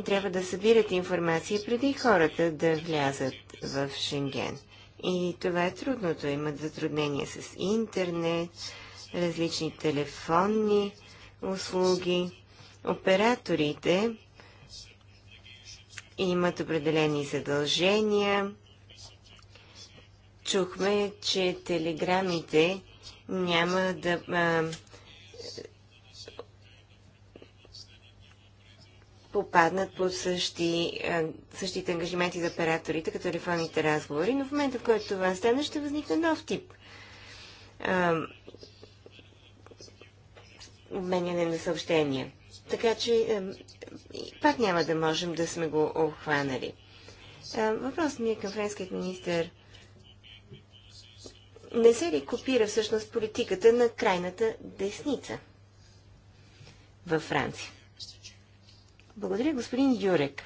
трябва да събират информация преди хората да влязат в Шенген. И това е трудното. Имат затруднения с интернет, различни телефонни услуги. Операторите имат определени задължения. Чухме, че телеграмите няма да а, попаднат под същи, а, същите ангажименти за операторите, като телефонните разговори, но в момента, в който това стане, ще възникне нов тип а, обменяне на съобщения. Така че пак няма да можем да сме го обхванали. Е, въпросът ми е към френският министр. Не се ли копира всъщност политиката на крайната десница във Франция? Благодаря, господин Юрек.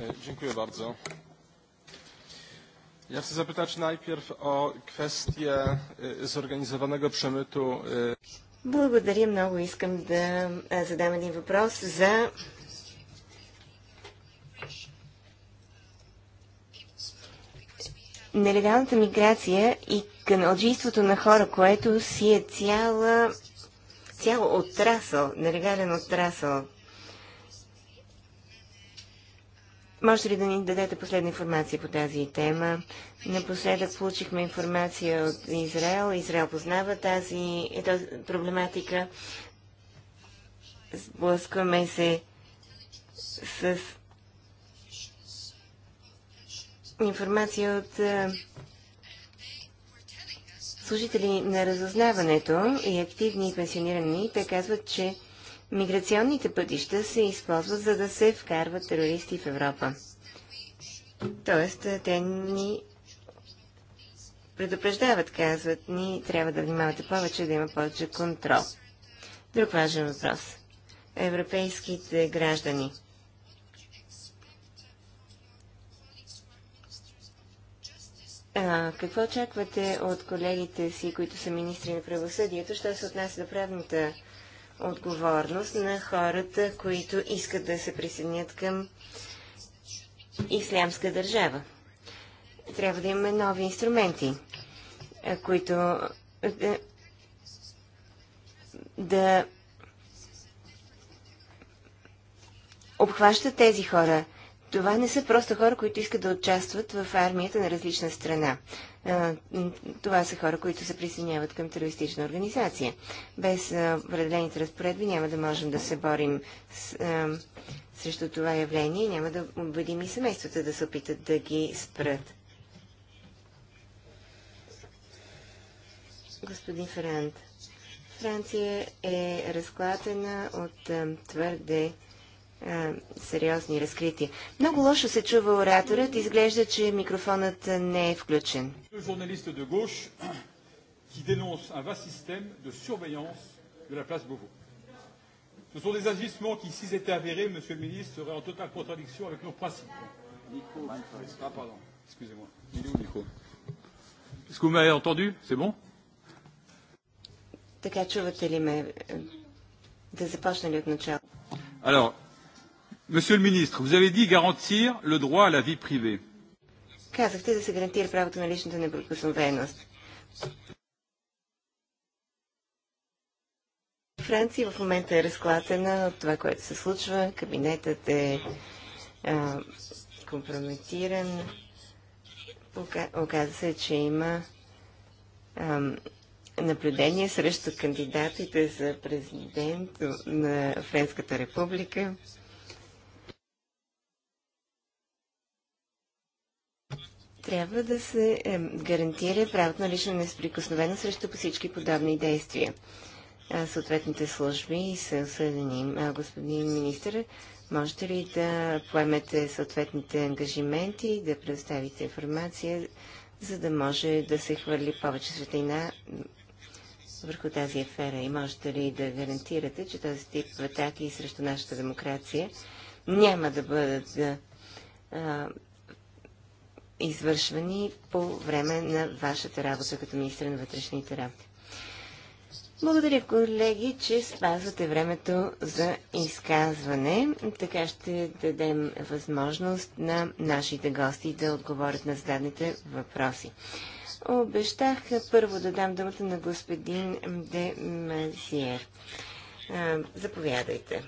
Е, dziękuję bardzo. Ja chcę zapytać najpierw o kwestię e, zorganizowanego przemytu. E, благодаря много. Искам да задам един въпрос за нелегалната миграция и каналджийството на хора, което си е цяла, цял отрасъл, нелегален отрасъл. Може ли да ни дадете последна информация по тази тема? Напоследък получихме информация от Израел. Израел познава тази, е, тази проблематика. Сблъскваме се с информация от е, служители на разузнаването и активни и пенсионирани. Те казват, че миграционните пътища се използват, за да се вкарват терористи в Европа. Тоест, те ни предупреждават, казват ни, трябва да внимавате повече, да има повече контрол. Друг важен въпрос. Европейските граждани. А, какво очаквате от колегите си, които са министри на правосъдието, що се отнася до правната отговорност на хората, които искат да се присъединят към ислямска държава. Трябва да имаме нови инструменти, които да, да обхващат тези хора – това не са просто хора, които искат да участват в армията на различна страна. Това са хора, които се присъединяват към терористична организация. Без определените разпоредби няма да можем да се борим с, а, срещу това явление и няма да убедим и семействата да се опитат да ги спрат. Господин Франт, Франция е разклатена от а, твърде а, сериозни разкрития. Много лошо се чува ораторът. Изглежда, че микрофонът не е включен. qui dénonce un vaste système de surveillance de la place Beauvau. Ce sont des agissements qui, s'ils étaient avérés, Monsieur le ministre, seraient en totale contradiction avec nos principes. Nico, ah, pardon, excusez-moi. Il est où, Nico Est-ce que vous m'avez entendu C'est bon Така чувате ли ме? Да започна ли от начало? Alors, Monsieur le ministre, vous avez dit garantir le droit à la vie privée. Казахте да се гарантира правото на личната неприкосновеност. Франция в момента е разклатена от това, което се случва. Кабинетът е а, компрометиран. Оказва се, че има а, наблюдение срещу кандидатите за президент на Френската република. трябва да се е, гарантира правото на лична несприкосновено срещу по всички подобни действия. А, съответните служби са осъдени. А, господин министър, можете ли да поемете съответните ангажименти, да предоставите информация, за да може да се хвърли повече светлина върху тази афера и можете ли да гарантирате, че този тип атаки срещу нашата демокрация няма да бъдат а, извършвани по време на вашата работа като министър на вътрешните работи. Благодаря, колеги, че спазвате времето за изказване. Така ще дадем възможност на нашите гости да отговорят на зададените въпроси. Обещах първо да дам думата на господин Де Мазиер. Заповядайте.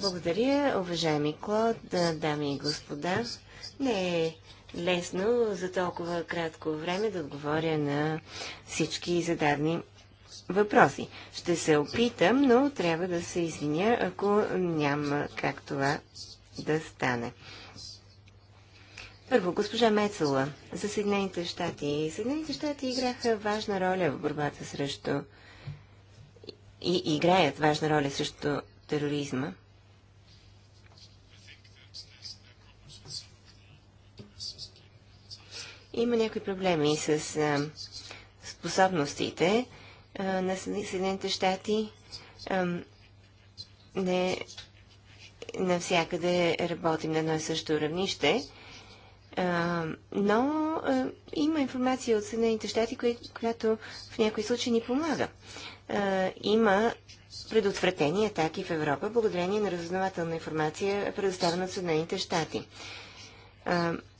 Благодаря, уважаеми Клод, дами и господа. Не е лесно за толкова кратко време да отговоря на всички зададени въпроси. Ще се опитам, но трябва да се извиня, ако няма как това да стане. Първо, госпожа Мецела за Съединените щати. Съединените щати играха важна роля в борбата срещу и играят важна роля срещу тероризма. Има някои проблеми с а, способностите а, на Съединените щати. Не навсякъде работим на едно и също равнище. А, но а, има информация от Съединените щати, която в някои случаи ни помага. А, има предотвратени атаки в Европа, благодарение на разузнавателна информация, предоставена от Съединените щати.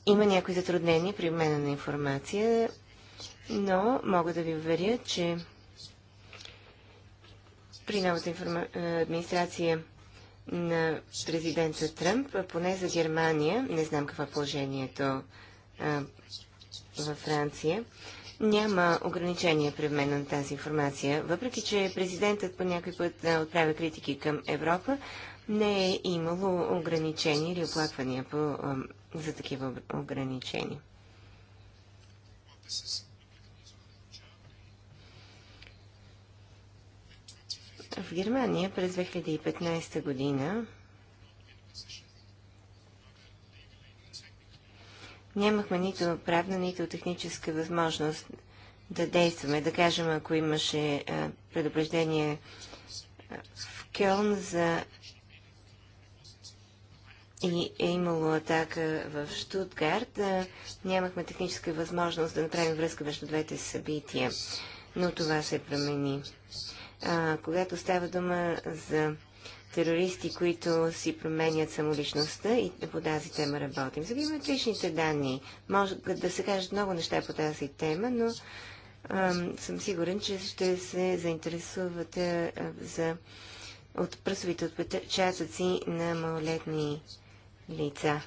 Има някои затруднения при обмена на информация, но мога да ви уверя, че при новата информа... администрация на президента Тръмп, поне за Германия, не знам какво е положението а, във Франция, няма ограничения при обмена на тази информация. Въпреки, че президентът по някой път отправя критики към Европа, не е имало ограничения или оплаквания по, за такива ограничения. В Германия през 2015 година нямахме нито правна, нито техническа възможност да действаме. Да кажем, ако имаше предупреждение в Кьолн за и е имало атака в Штутгарт, нямахме техническа възможност да направим връзка между двете събития. Но това се промени. А, когато става дума за терористи, които си променят самоличността и по тази тема работим. За биометричните данни може да се кажат много неща по тази тема, но ам, съм сигурен, че ще се заинтересувате а, за, от пръсовите отпечатъци на малолетни лица.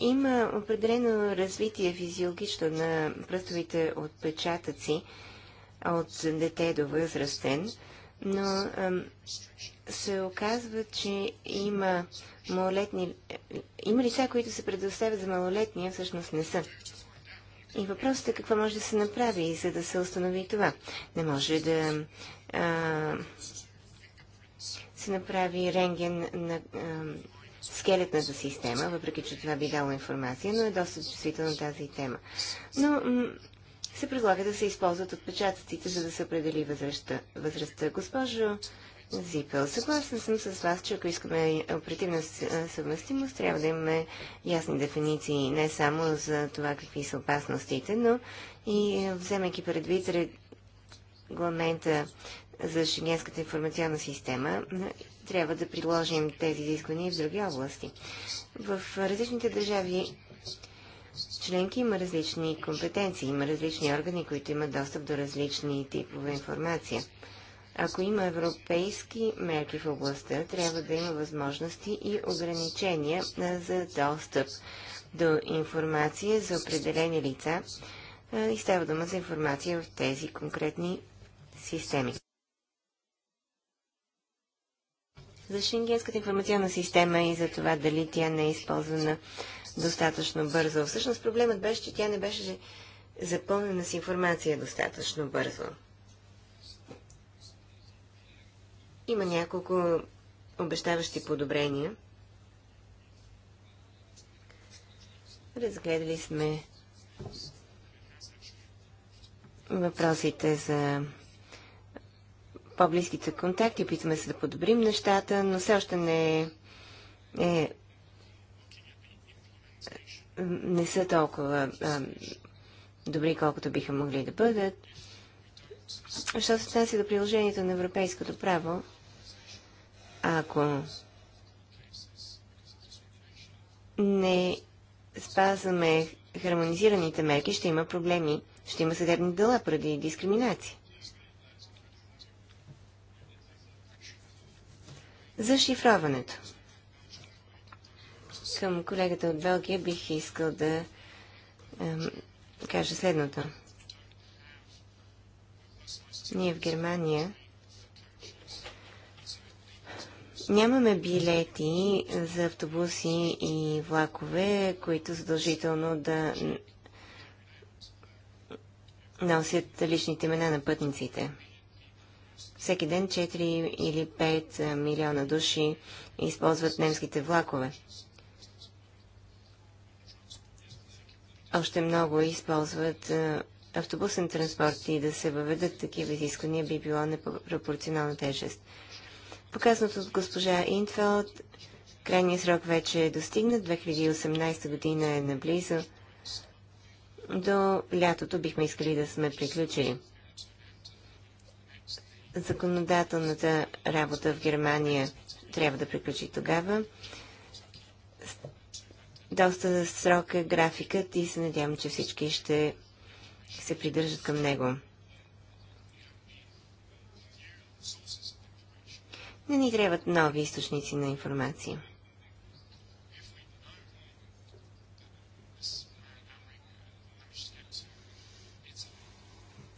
Има определено развитие физиологично на пръстовите отпечатъци от дете до възрастен, но се оказва, че има малолетни... Има лица, които се предоставят за малолетни, всъщност не са. И въпросът е какво може да се направи, за да се установи това. Не може да а, се направи рентген на скелетната система, въпреки че това би дало информация, но е доста чувствителна тази тема. Но се предлага да се използват отпечатъците, за да се определи възрастта. възрастта. Госпожо Зипел, съгласна съм с вас, че ако искаме оперативна съвместимост, трябва да имаме ясни дефиниции не само за това какви са опасностите, но и вземайки предвид регламента за Шенгенската информационна система, трябва да приложим тези изисквания и в други области. В различните държави членки има различни компетенции, има различни органи, които имат достъп до различни типове информация. Ако има европейски мерки в областта, трябва да има възможности и ограничения за достъп до информация за определени лица и става дума за информация в тези конкретни системи. за Шенгенската информационна система и за това дали тя не е използвана достатъчно бързо. Всъщност проблемът беше, че тя не беше запълнена с информация достатъчно бързо. Има няколко обещаващи подобрения. Разгледали сме въпросите за по-близките контакти, опитваме се да подобрим нещата, но все още не, е, не са толкова а, добри, колкото биха могли да бъдат. Що се отнася до приложението на европейското право, ако не спазваме хармонизираните мерки, ще има проблеми, ще има съдебни дела поради дискриминация. За шифроването. Към колегата от Белгия бих искал да ем, кажа следното. Ние в Германия нямаме билети за автобуси и влакове, които задължително да носят личните имена на пътниците. Всеки ден 4 или 5 милиона души използват немските влакове. Още много използват автобусен транспорт и да се въведат такива изисквания би било непропорционална тежест. Показаното от госпожа Инфелд, крайният срок вече е достигнат, 2018 година е наблизо. До лятото бихме искали да сме приключили. Законодателната работа в Германия трябва да приключи тогава. Доста срок е графикът и се надявам, че всички ще се придържат към него. Не ни трябват нови източници на информация.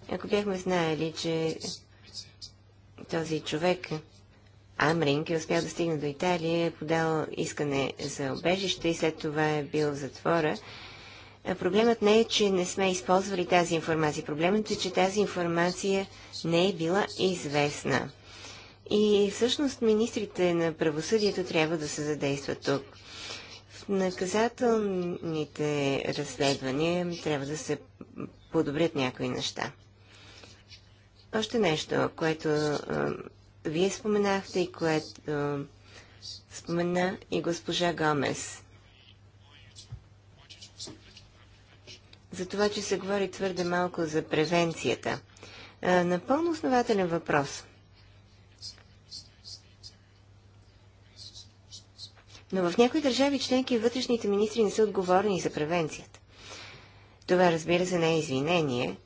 Ако бяхме знаели, че този човек Амринг е успял да стигне до Италия, е подал искане за обежище и след това е бил в затвора. Проблемът не е, че не сме използвали тази информация. Проблемът е, че тази информация не е била известна. И всъщност министрите на правосъдието трябва да се задействат тук. В наказателните разследвания трябва да се подобрят някои неща. Още нещо, което а, вие споменахте и което а, спомена и госпожа Гомес. За това, че се говори твърде малко за превенцията. А, напълно основателен въпрос. Но в някои държави членки вътрешните министри не са отговорни за превенцията. Това, разбира се, не е извинение,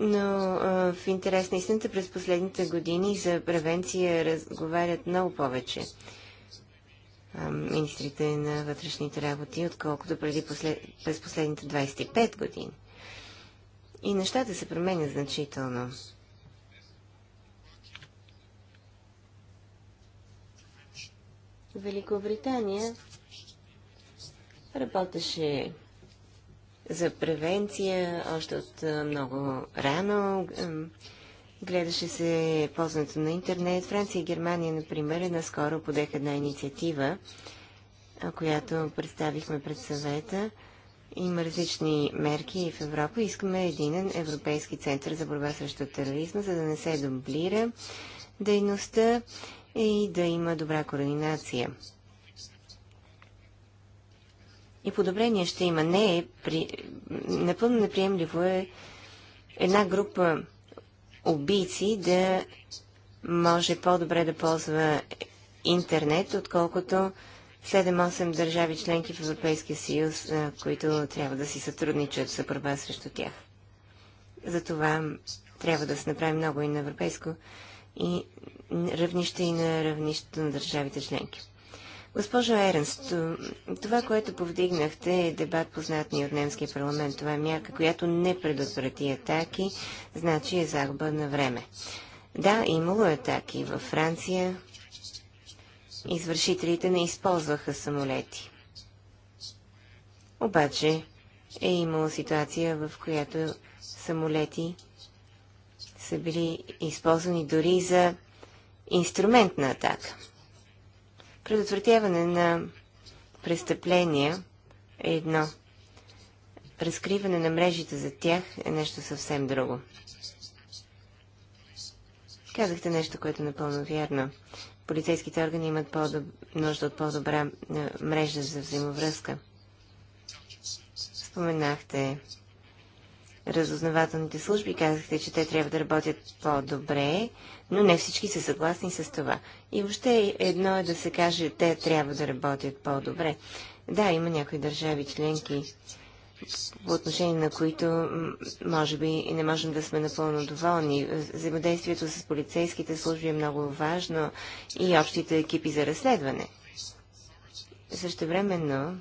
но а, в интерес на истината през последните години за превенция разговарят много повече а, министрите на вътрешните работи, отколкото преди послед... през последните 25 години. И нещата се променят значително. Великобритания работеше за превенция още от много рано. Гледаше се ползването на интернет. Франция и Германия, например, е наскоро подеха една инициатива, която представихме пред съвета. Има различни мерки в Европа. Искаме един европейски център за борба срещу тероризма, за да не се дублира дейността и да има добра координация и подобрение ще има. Не е при... Напълно неприемливо е една група убийци да може по-добре да ползва интернет, отколкото 7-8 държави членки в Европейския съюз, които трябва да си сътрудничат за борба срещу тях. Затова трябва да се направи много и на европейско и равнище и на равнището на държавите членки. Госпожо Еренст, това, което повдигнахте е дебат познат ни от немския парламент. Това е мярка, която не предотврати атаки, значи е загуба на време. Да, имало е атаки във Франция. Извършителите не използваха самолети. Обаче е имало ситуация, в която самолети са били използвани дори за инструмент на атака. Предотвратяване на престъпления е едно. Разкриване на мрежите за тях е нещо съвсем друго. Казахте нещо, което е напълно вярно. Полицейските органи имат по нужда от по-добра е, мрежа за взаимовръзка. Споменахте разузнавателните служби, казахте, че те трябва да работят по-добре, но не всички са съгласни с това. И въобще едно е да се каже, те трябва да работят по-добре. Да, има някои държави членки, по отношение на които може би не можем да сме напълно доволни. Взаимодействието с полицейските служби е много важно и общите екипи за разследване. Същевременно,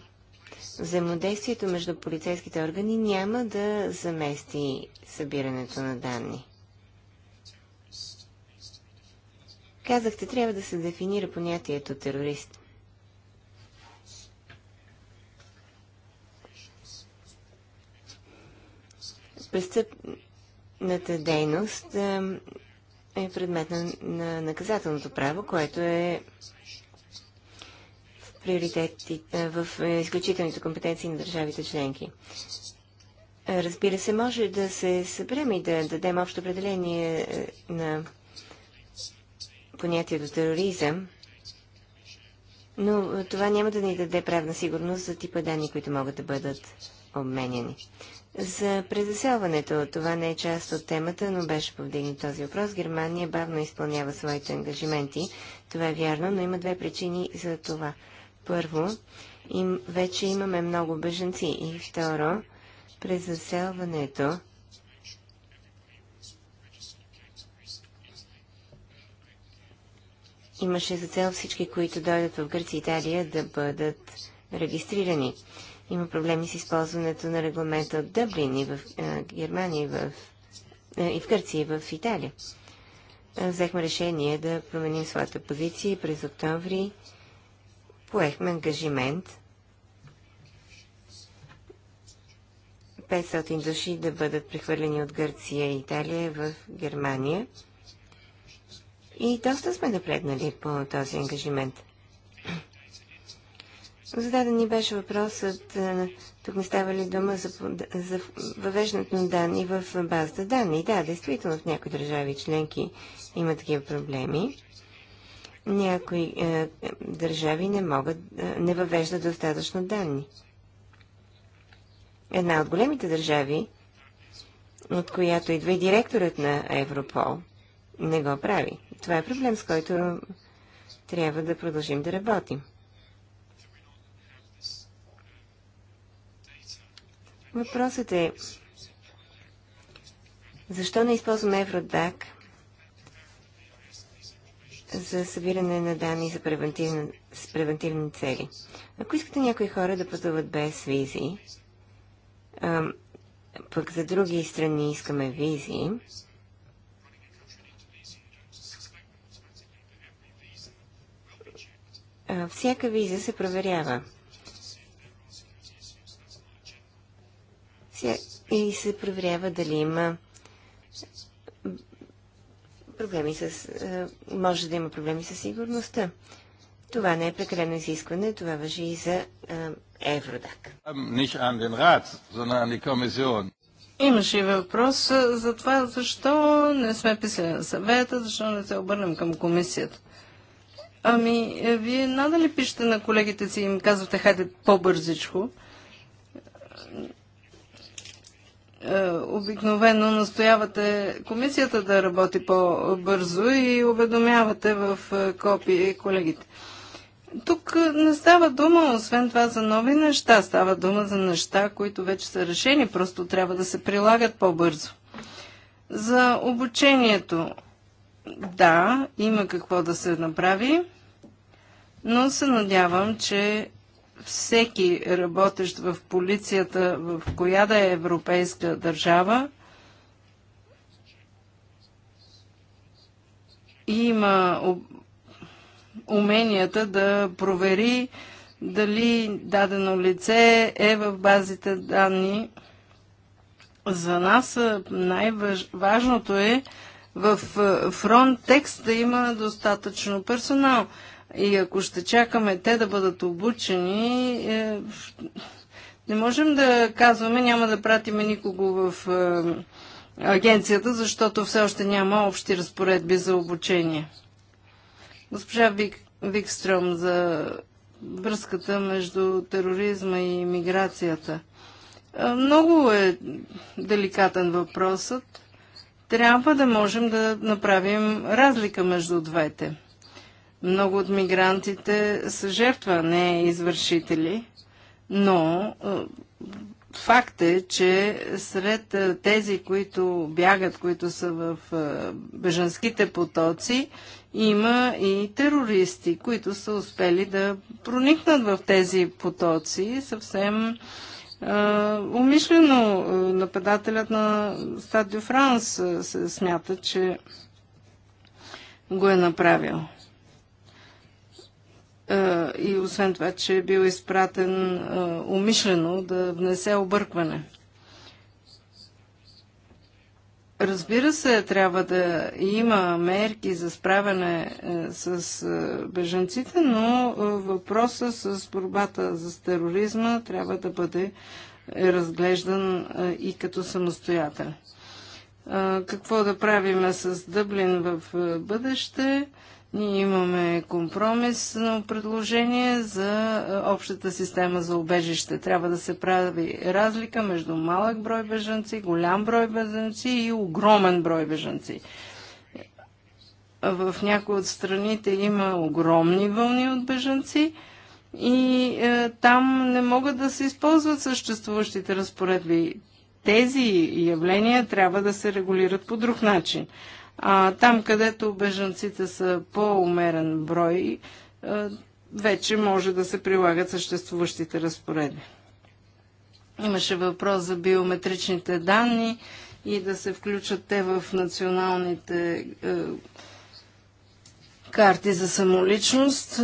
взаимодействието между полицейските органи няма да замести събирането на данни. Казахте, трябва да се дефинира понятието терорист. Престъпната дейност е предмет на, наказателното право, което е в, приоритети, е, в е, изключителните компетенции на държавите членки. Разбира се, може да се съберем и да дадем общо определение е, на понятието тероризъм, но това няма да ни даде правна сигурност за типа данни, които могат да бъдат обменяни. За презаселването това не е част от темата, но беше повдигнат този въпрос. Германия бавно изпълнява своите ангажименти. Това е вярно, но има две причини за това. Първо, им, вече имаме много беженци. И второ, презаселването имаше за цел всички, които дойдат в Гърция и Италия, да бъдат регистрирани. Има проблеми с използването на регламента от Дъблин и в е, Германия, и в, е, и в Гърция, и в Италия. Взехме решение да променим своята позиция и през октомври поехме ангажимент 500 души да бъдат прехвърлени от Гърция и Италия в Германия – и доста сме напреднали по този ангажимент. Зададен ни беше въпросът, е, тук не става ли дума за, за въвеждането на данни в базата данни. Да, действително в някои държави членки има такива проблеми. Някои е, държави не могат, е, не въвеждат достатъчно данни. Една от големите държави, от която идва и директорът на Европол, не го прави. Това е проблем, с който трябва да продължим да работим. Въпросът е, защо не използваме Евродак за събиране на данни за превентивни, с превентивни цели? Ако искате някои хора да пътуват без визи, пък за други страни искаме визи, Е, всяка виза се проверява. И се проверява дали има проблеми с... Е, може да има проблеми с сигурността. Това не е прекалено изискване, това въжи и за е, Евродак. Имаше и въпрос за това, защо не сме писали на съвета, защо не се обърнем към комисията. Ами, е, вие надали пишете на колегите си и им казвате, хайде по-бързичко. Е, обикновено настоявате комисията да работи по-бързо и уведомявате в е, копии колегите. Тук не става дума, освен това, за нови неща. Става дума за неща, които вече са решени, просто трябва да се прилагат по-бързо. За обучението да, има какво да се направи, но се надявам, че всеки работещ в полицията, в коя да е европейска държава, има уменията да провери дали дадено лице е в базите данни. За нас най-важното е в е, Frontex да има достатъчно персонал. И ако ще чакаме те да бъдат обучени, е, не можем да казваме няма да пратиме никого в е, агенцията, защото все още няма общи разпоредби за обучение. Госпожа Вик, Викстром за връзката между тероризма и миграцията. Много е деликатен въпросът трябва да можем да направим разлика между двете. Много от мигрантите са жертва, не извършители, но факт е, че сред тези, които бягат, които са в бежанските потоци, има и терористи, които са успели да проникнат в тези потоци съвсем Умишлено нападателят на Стадио Франс се смята, че го е направил. И освен това, че е бил изпратен умишлено да внесе объркване. Разбира се, трябва да има мерки за справяне е, с е, бежанците, но е, въпроса с борбата за тероризма трябва да бъде разглеждан и като самостоятелен. Какво да правиме с Дъблин в бъдеще? Ние имаме компромисно предложение за е, общата система за убежище. Трябва да се прави разлика между малък брой бежанци, голям брой бежанци и огромен брой бежанци. В някои от страните има огромни вълни от бежанци и е, там не могат да се използват съществуващите разпоредби. Тези явления трябва да се регулират по друг начин. А там, където бежанците са по-умерен брой, вече може да се прилагат съществуващите разпоредби. Имаше въпрос за биометричните данни и да се включат те в националните карти за самоличност.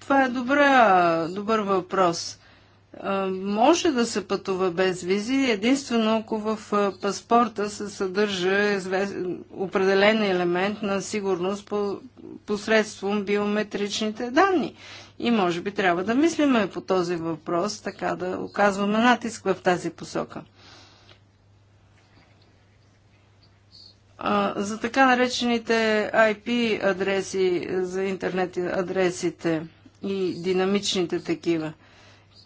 това е добра, добър въпрос може да се пътува без визи, единствено ако в паспорта се съдържа определен елемент на сигурност по, посредством биометричните данни. И може би трябва да мислиме по този въпрос, така да оказваме натиск в тази посока. за така наречените IP адреси, за интернет адресите и динамичните такива –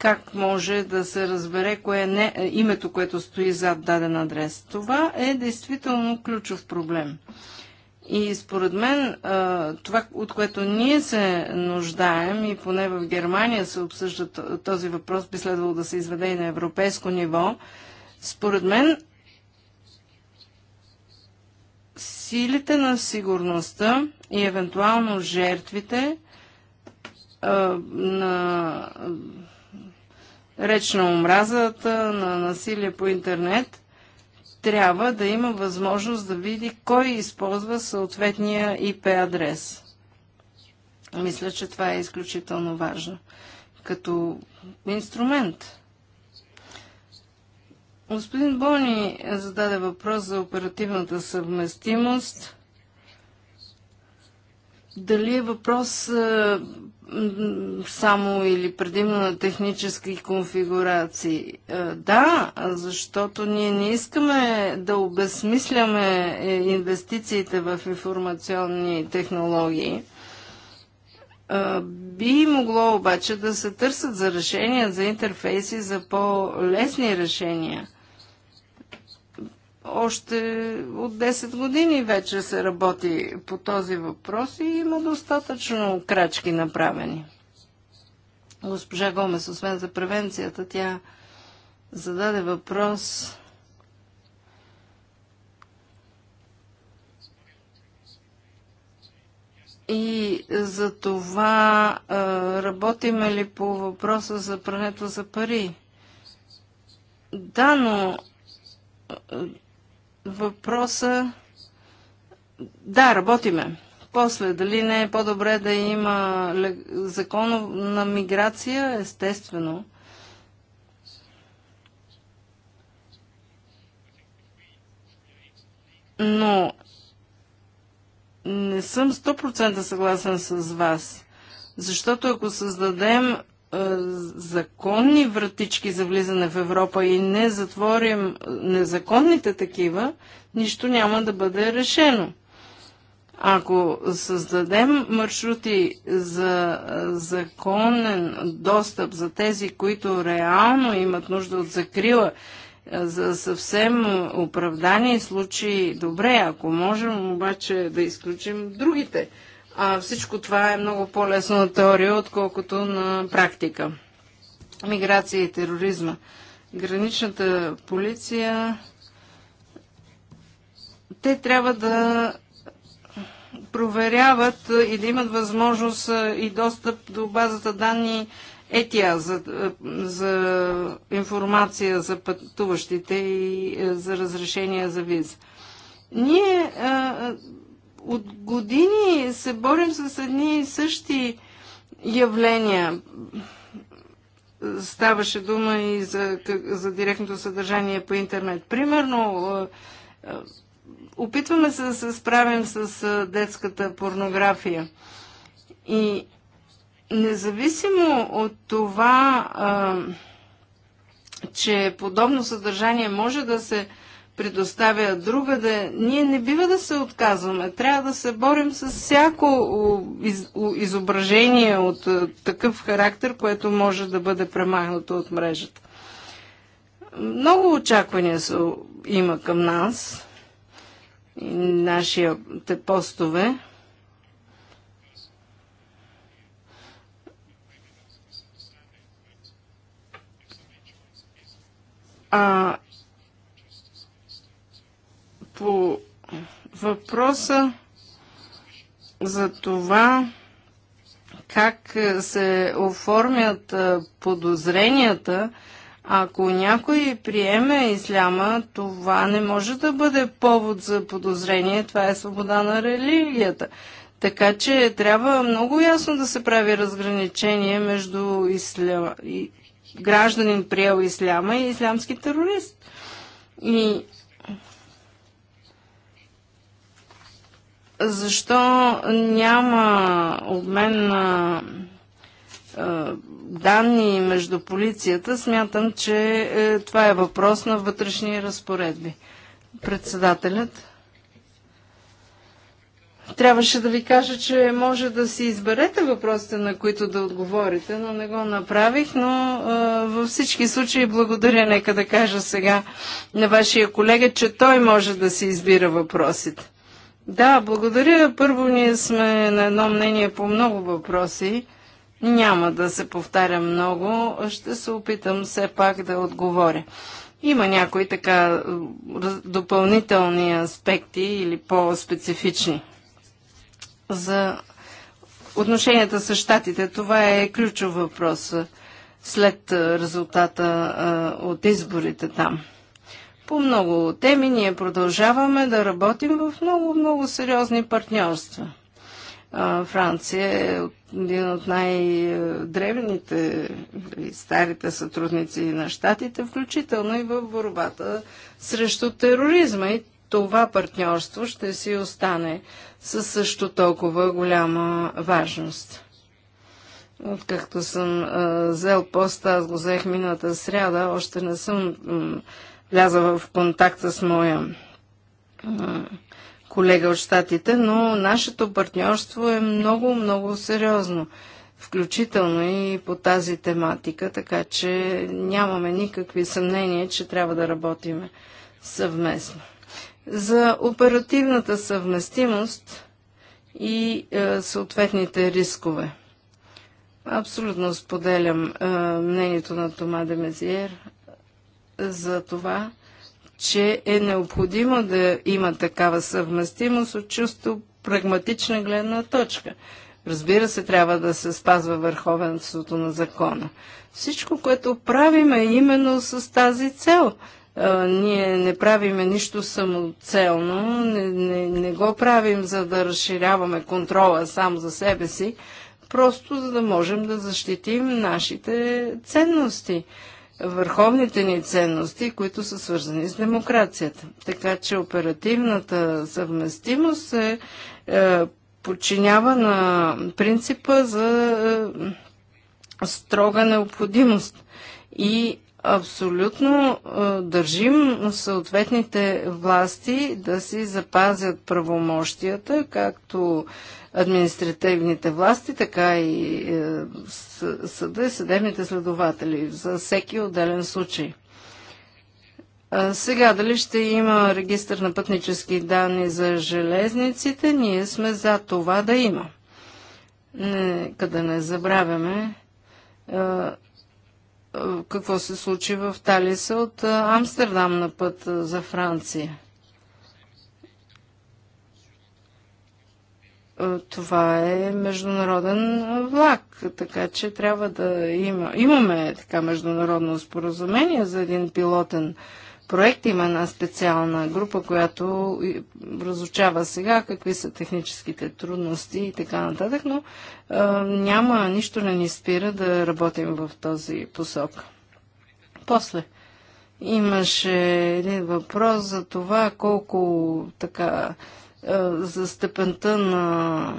как може да се разбере кое е не, името, което стои зад даден адрес. Това е действително ключов проблем. И според мен това, от което ние се нуждаем, и поне в Германия се обсъжда този въпрос, би следвало да се изведе и на европейско ниво, според мен силите на сигурността и евентуално жертвите на реч на омразата, на насилие по интернет, трябва да има възможност да види кой използва съответния IP адрес. Мисля, че това е изключително важно като инструмент. Господин Бони зададе въпрос за оперативната съвместимост. Дали е въпрос е, само или предимно на технически конфигурации. Е, да, защото ние не искаме да обезсмисляме е, инвестициите в информационни технологии. Е, би могло обаче да се търсят за решения, за интерфейси, за по-лесни решения – още от 10 години вече се работи по този въпрос и има достатъчно крачки направени. Госпожа Гомес, освен за превенцията, тя зададе въпрос И за това а, работиме ли по въпроса за прането за пари? Да, но въпроса... Да, работиме. После, дали не е по-добре да има закон на миграция? Естествено. Но не съм 100% съгласен с вас. Защото ако създадем е, законни вратички за влизане в Европа и не затворим незаконните такива, нищо няма да бъде решено. Ако създадем маршрути за е, законен достъп за тези, които реално имат нужда от закрила, е, за съвсем оправдани случаи, добре, ако можем обаче да изключим другите а всичко това е много по-лесно на теория, отколкото на практика. Миграция и тероризма. Граничната полиция. Те трябва да проверяват и да имат възможност и достъп до базата данни ЕТИА за, за информация за пътуващите и за разрешение за виза. Ние от години се борим с едни и същи явления. Ставаше дума и за, за директното съдържание по интернет. Примерно, е, е, опитваме се да се справим с е, детската порнография. И независимо от това, че подобно съдържание може да се предоставя да... ние не бива да се отказваме. Трябва да се борим с всяко изображение от е, такъв характер, което може да бъде премахнато от мрежата. Много очаквания са, има към нас и нашите постове. А, по въпроса за това как се оформят подозренията, ако някой приеме исляма, това не може да бъде повод за подозрение, това е свобода на религията. Така че трябва много ясно да се прави разграничение между исля... гражданин приел исляма и ислямски терорист. И защо няма обмен на данни между полицията, смятам, че е, това е въпрос на вътрешни разпоредби. Председателят. Трябваше да ви кажа, че може да си изберете въпросите, на които да отговорите, но не го направих, но във всички случаи благодаря, нека да кажа сега на вашия колега, че той може да си избира въпросите. Да, благодаря. Първо ние сме на едно мнение по много въпроси. Няма да се повтаря много. Ще се опитам все пак да отговоря. Има някои така допълнителни аспекти или по-специфични. За отношенията с щатите, това е ключов въпрос след резултата от изборите там по много теми. Ние продължаваме да работим в много-много сериозни партньорства. Франция е един от най-древните и нали, старите сътрудници на щатите, включително и в борбата срещу тероризма. И това партньорство ще си остане със също толкова голяма важност. Откакто съм а, взел поста, аз го взех миналата сряда, още не съм вляза в контакт с моя колега от щатите, но нашето партньорство е много, много сериозно, включително и по тази тематика, така че нямаме никакви съмнения, че трябва да работим съвместно. За оперативната съвместимост и е, съответните рискове. Абсолютно споделям е, мнението на Тома Демезиер за това, че е необходимо да има такава съвместимост от чувство прагматична гледна точка. Разбира се, трябва да се спазва върховенството на закона. Всичко, което правим е именно с тази цел. А, ние не правиме нищо самоцелно, не, не, не го правим за да разширяваме контрола сам за себе си, просто за да можем да защитим нашите ценности върховните ни ценности, които са свързани с демокрацията. Така че оперативната съвместимост се е, подчинява на принципа за е, строга необходимост. И абсолютно държим съответните власти да си запазят правомощията, както административните власти, така и е, съда и съдебните следователи за всеки отделен случай. Сега дали ще има регистр на пътнически данни за железниците, ние сме за това да има. Нека да не забравяме какво се случи в Талиса от Амстердам на път за Франция. Това е международен влак, така че трябва да има. Имаме така международно споразумение за един пилотен проект. Има една специална група, която разучава сега какви са техническите трудности и така нататък, но а, няма нищо не ни спира да работим в този посок. После имаше един въпрос за това колко така за степента на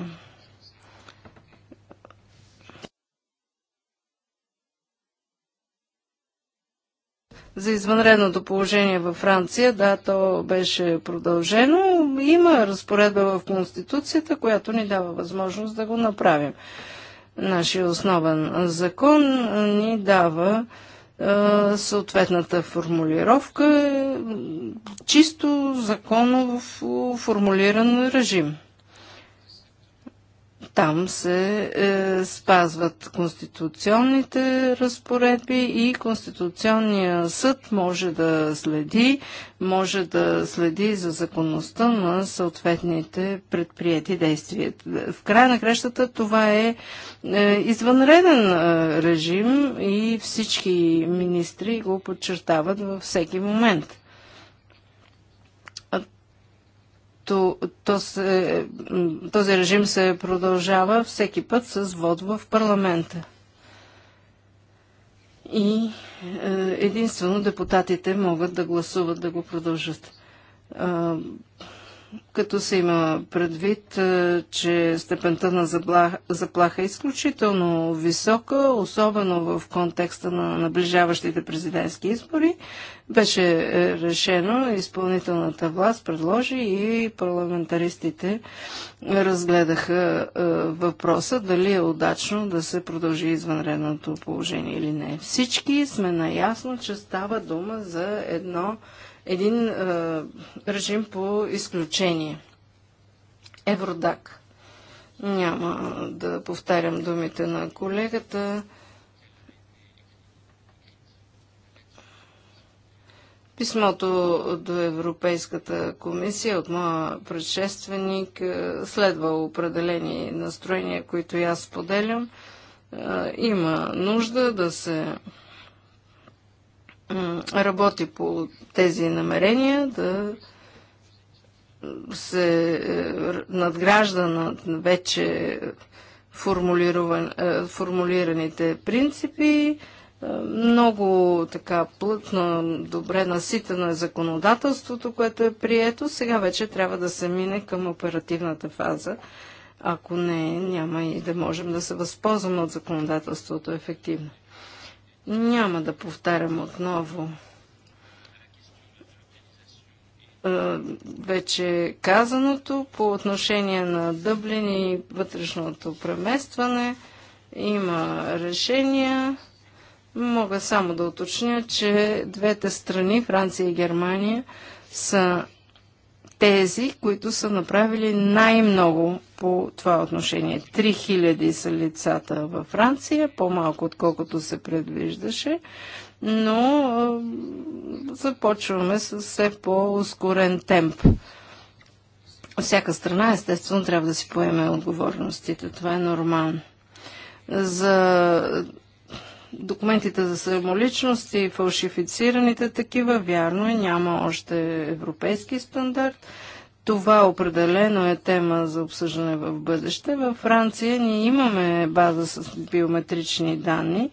за извънредното положение във Франция. Да, то беше продължено. Има разпоредба в Конституцията, която ни дава възможност да го направим. Нашия основен закон ни дава е, съответната формулировка, чисто законово формулиран режим. Там се е, спазват конституционните разпоредби и Конституционния съд може да следи, може да следи за законността на съответните предприяти действия. В края на крещата това е, е извънреден е, режим и всички министри го подчертават във всеки момент. то, то се, този режим се продължава всеки път с вод в парламента. И е, единствено депутатите могат да гласуват да го продължат. Е, като се има предвид, е, че степента на заплаха, е изключително висока, особено в контекста на наближаващите президентски избори, беше е, решено, изпълнителната власт предложи и парламентаристите разгледаха е, въпроса дали е удачно да се продължи извънредното положение или не. Всички сме наясно, че става дума за едно един е, режим по изключение. Евродак. Няма да повтарям думите на колегата. Писмото до Европейската комисия от моя предшественик е, следва определени настроения, които аз споделям. Е, има нужда да се работи по тези намерения да се е, надгражда на вече е, формулираните принципи. Е, много така плътно, добре наситено е законодателството, което е прието. Сега вече трябва да се мине към оперативната фаза. Ако не, няма и да можем да се възползваме от законодателството ефективно. Няма да повтарям отново. Е, вече казаното по отношение на Дъблин и вътрешното преместване има решения. Мога само да уточня, че двете страни, Франция и Германия, са тези, които са направили най-много по това отношение. 3000 са лицата във Франция, по-малко отколкото се предвиждаше, но а, започваме с все по-ускорен темп. Всяка страна, естествено, трябва да си поеме отговорностите. Това е нормално. За документите за самоличност и фалшифицираните такива, вярно е, няма още европейски стандарт. Това определено е тема за обсъждане в бъдеще. Във Франция ние имаме база с биометрични данни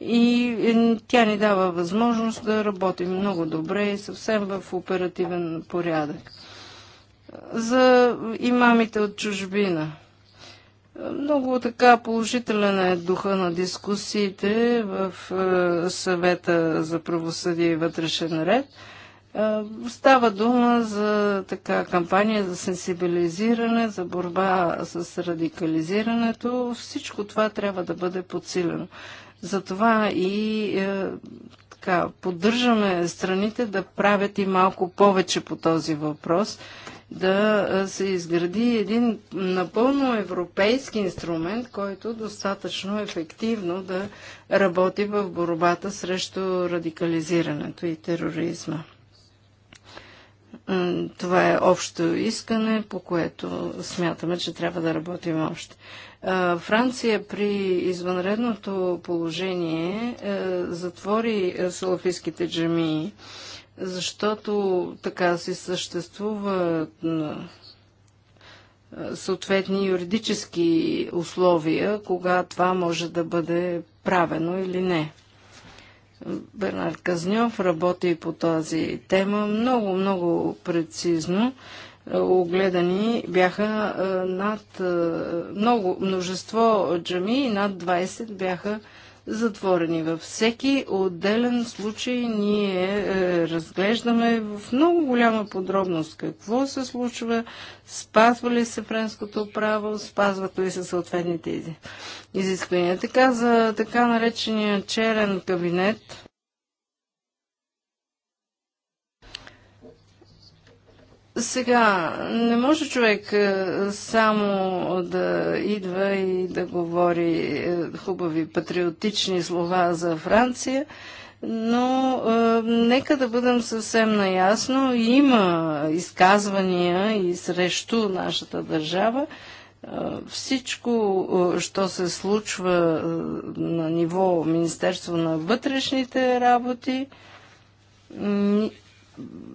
и е, тя ни дава възможност да работим много добре и съвсем в оперативен порядък. За имамите от чужбина – много така положителен е духа на дискусиите в е, съвета за правосъдие и вътрешен ред. Е, става дума за така кампания за сенсибилизиране, за борба с радикализирането. Всичко това трябва да бъде подсилено. Затова и е, така, поддържаме страните да правят и малко повече по този въпрос да се изгради един напълно европейски инструмент, който достатъчно ефективно да работи в борбата срещу радикализирането и тероризма. Това е общо искане, по което смятаме, че трябва да работим още. Франция при извънредното положение е, затвори е, салафистските джамии защото така си съществува съответни юридически условия, кога това може да бъде правено или не. Бернард Казньов работи по тази тема много, много прецизно. Огледани бяха е, над е, много множество джами и над 20 бяха затворени. Във всеки отделен случай ние е, разглеждаме в много голяма подробност какво се случва, спазва ли се френското право, спазват ли се съответните изисквания. Така за така наречения черен кабинет Сега, не може човек е, само да идва и да говори е, хубави патриотични слова за Франция, но е, нека да бъдем съвсем наясно. Има изказвания и срещу нашата държава. Е, всичко, е, що се случва е, на ниво Министерство на вътрешните работи,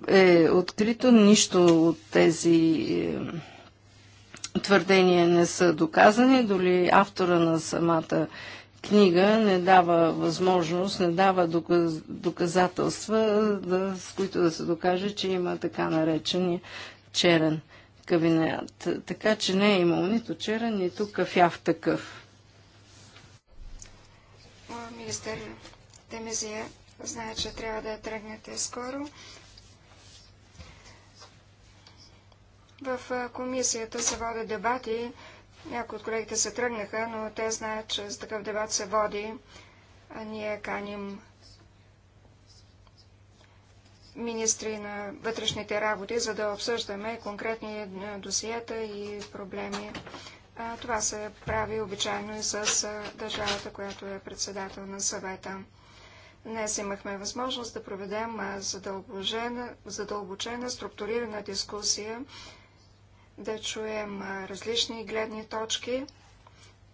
е открито, нищо от тези е, твърдения не са доказани, дори автора на самата книга не дава възможност, не дава доказ, доказателства, е, да, с които да се докаже, че има така наречения черен кабинет. Така че не е имал нито черен, нито кафяв такъв. Министър Демезия знае, че трябва да тръгнете скоро. В комисията се водят дебати. Някои от колегите се тръгнаха, но те знаят, че за такъв дебат се води. А ние каним министри на вътрешните работи, за да обсъждаме конкретни досиета и проблеми. Това се прави обичайно и с държавата, която е председател на съвета. Днес имахме възможност да проведем задълбочена, задълбочена структурирана дискусия да чуем различни гледни точки,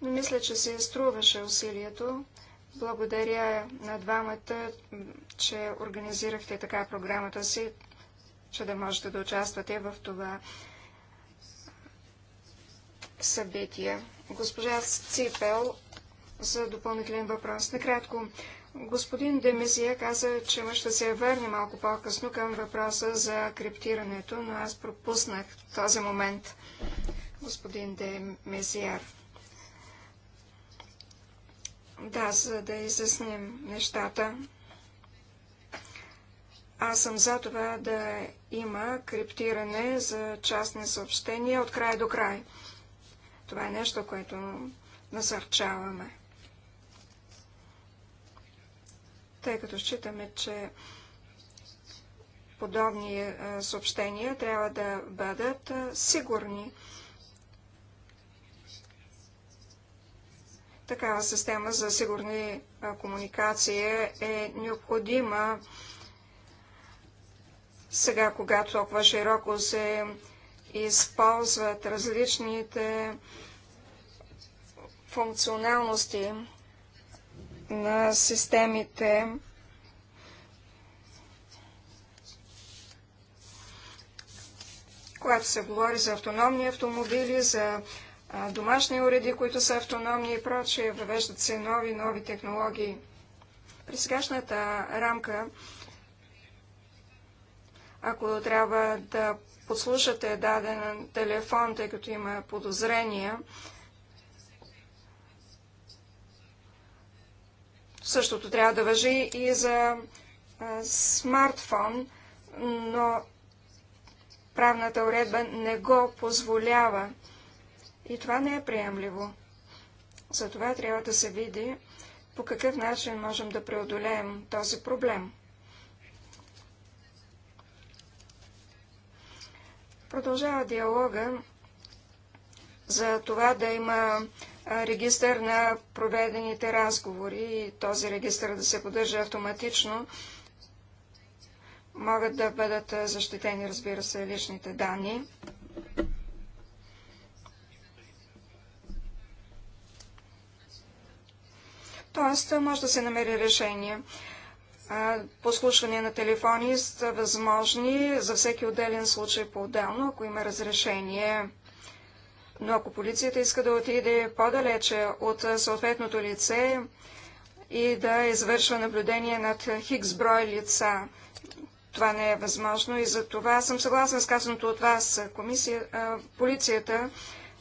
но мисля, че се изтруваше усилието. Благодаря на двамата, че организирахте така програмата си, че да можете да участвате в това събитие. Госпожа Ципел за допълнителен въпрос. Накратко, Господин Демезия каза, че ще се върне малко по-късно към въпроса за криптирането, но аз пропуснах този момент, господин Демезияр. Да, за да изясним нещата. Аз съм за това да има криптиране за частни съобщения от край до край. Това е нещо, което насърчаваме. тъй като считаме, че подобни е, съобщения трябва да бъдат е, сигурни. Такава система за сигурни е, комуникации е необходима сега, когато толкова широко се използват различните функционалности на системите когато се говори за автономни автомобили, за домашни уреди, които са автономни и прочие, въвеждат се нови, нови технологии. При сегашната рамка, ако трябва да подслушате даден телефон, тъй като има подозрения, Същото трябва да въжи и за а, смартфон, но правната уредба не го позволява. И това не е приемливо. Затова трябва да се види по какъв начин можем да преодолеем този проблем. Продължава диалога за това да има регистър на проведените разговори и този регистър да се поддържа автоматично, могат да бъдат защитени, разбира се, личните данни. Тоест, може да се намери решение. Послушвания на телефони са възможни за всеки отделен случай по-отделно, ако има разрешение. Но ако полицията иска да отиде по-далече от съответното лице и да извършва наблюдение над хикс брой лица, това не е възможно и за това съм съгласна с казаното от вас. Комисия, а, полицията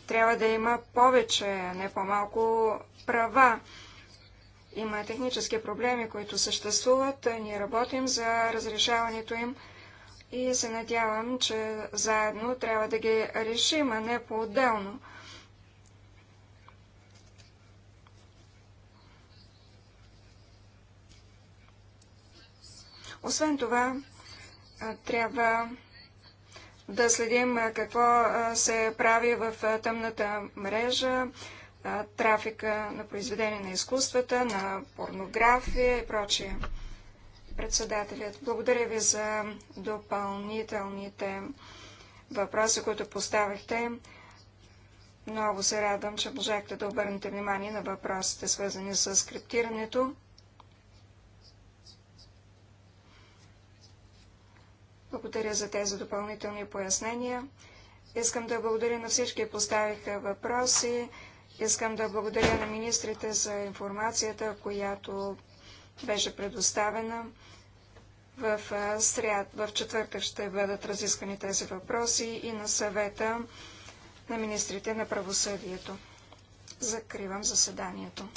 трябва да има повече, не по-малко права. Има технически проблеми, които съществуват. Ние работим за разрешаването им и се надявам, че заедно трябва да ги решим, а не по-отделно. Освен това, трябва да следим какво се прави в тъмната мрежа, трафика на произведения на изкуствата, на порнография и прочие. Председателят, благодаря ви за допълнителните въпроси, които поставихте. Много се радвам, че можахте да обърнете внимание на въпросите, свързани с криптирането. Благодаря за тези допълнителни пояснения. Искам да благодаря на всички, поставиха въпроси. Искам да благодаря на министрите за информацията, която беше предоставена. В сряд, в четвъртък ще бъдат разискани тези въпроси и на съвета на министрите на правосъдието. Закривам заседанието.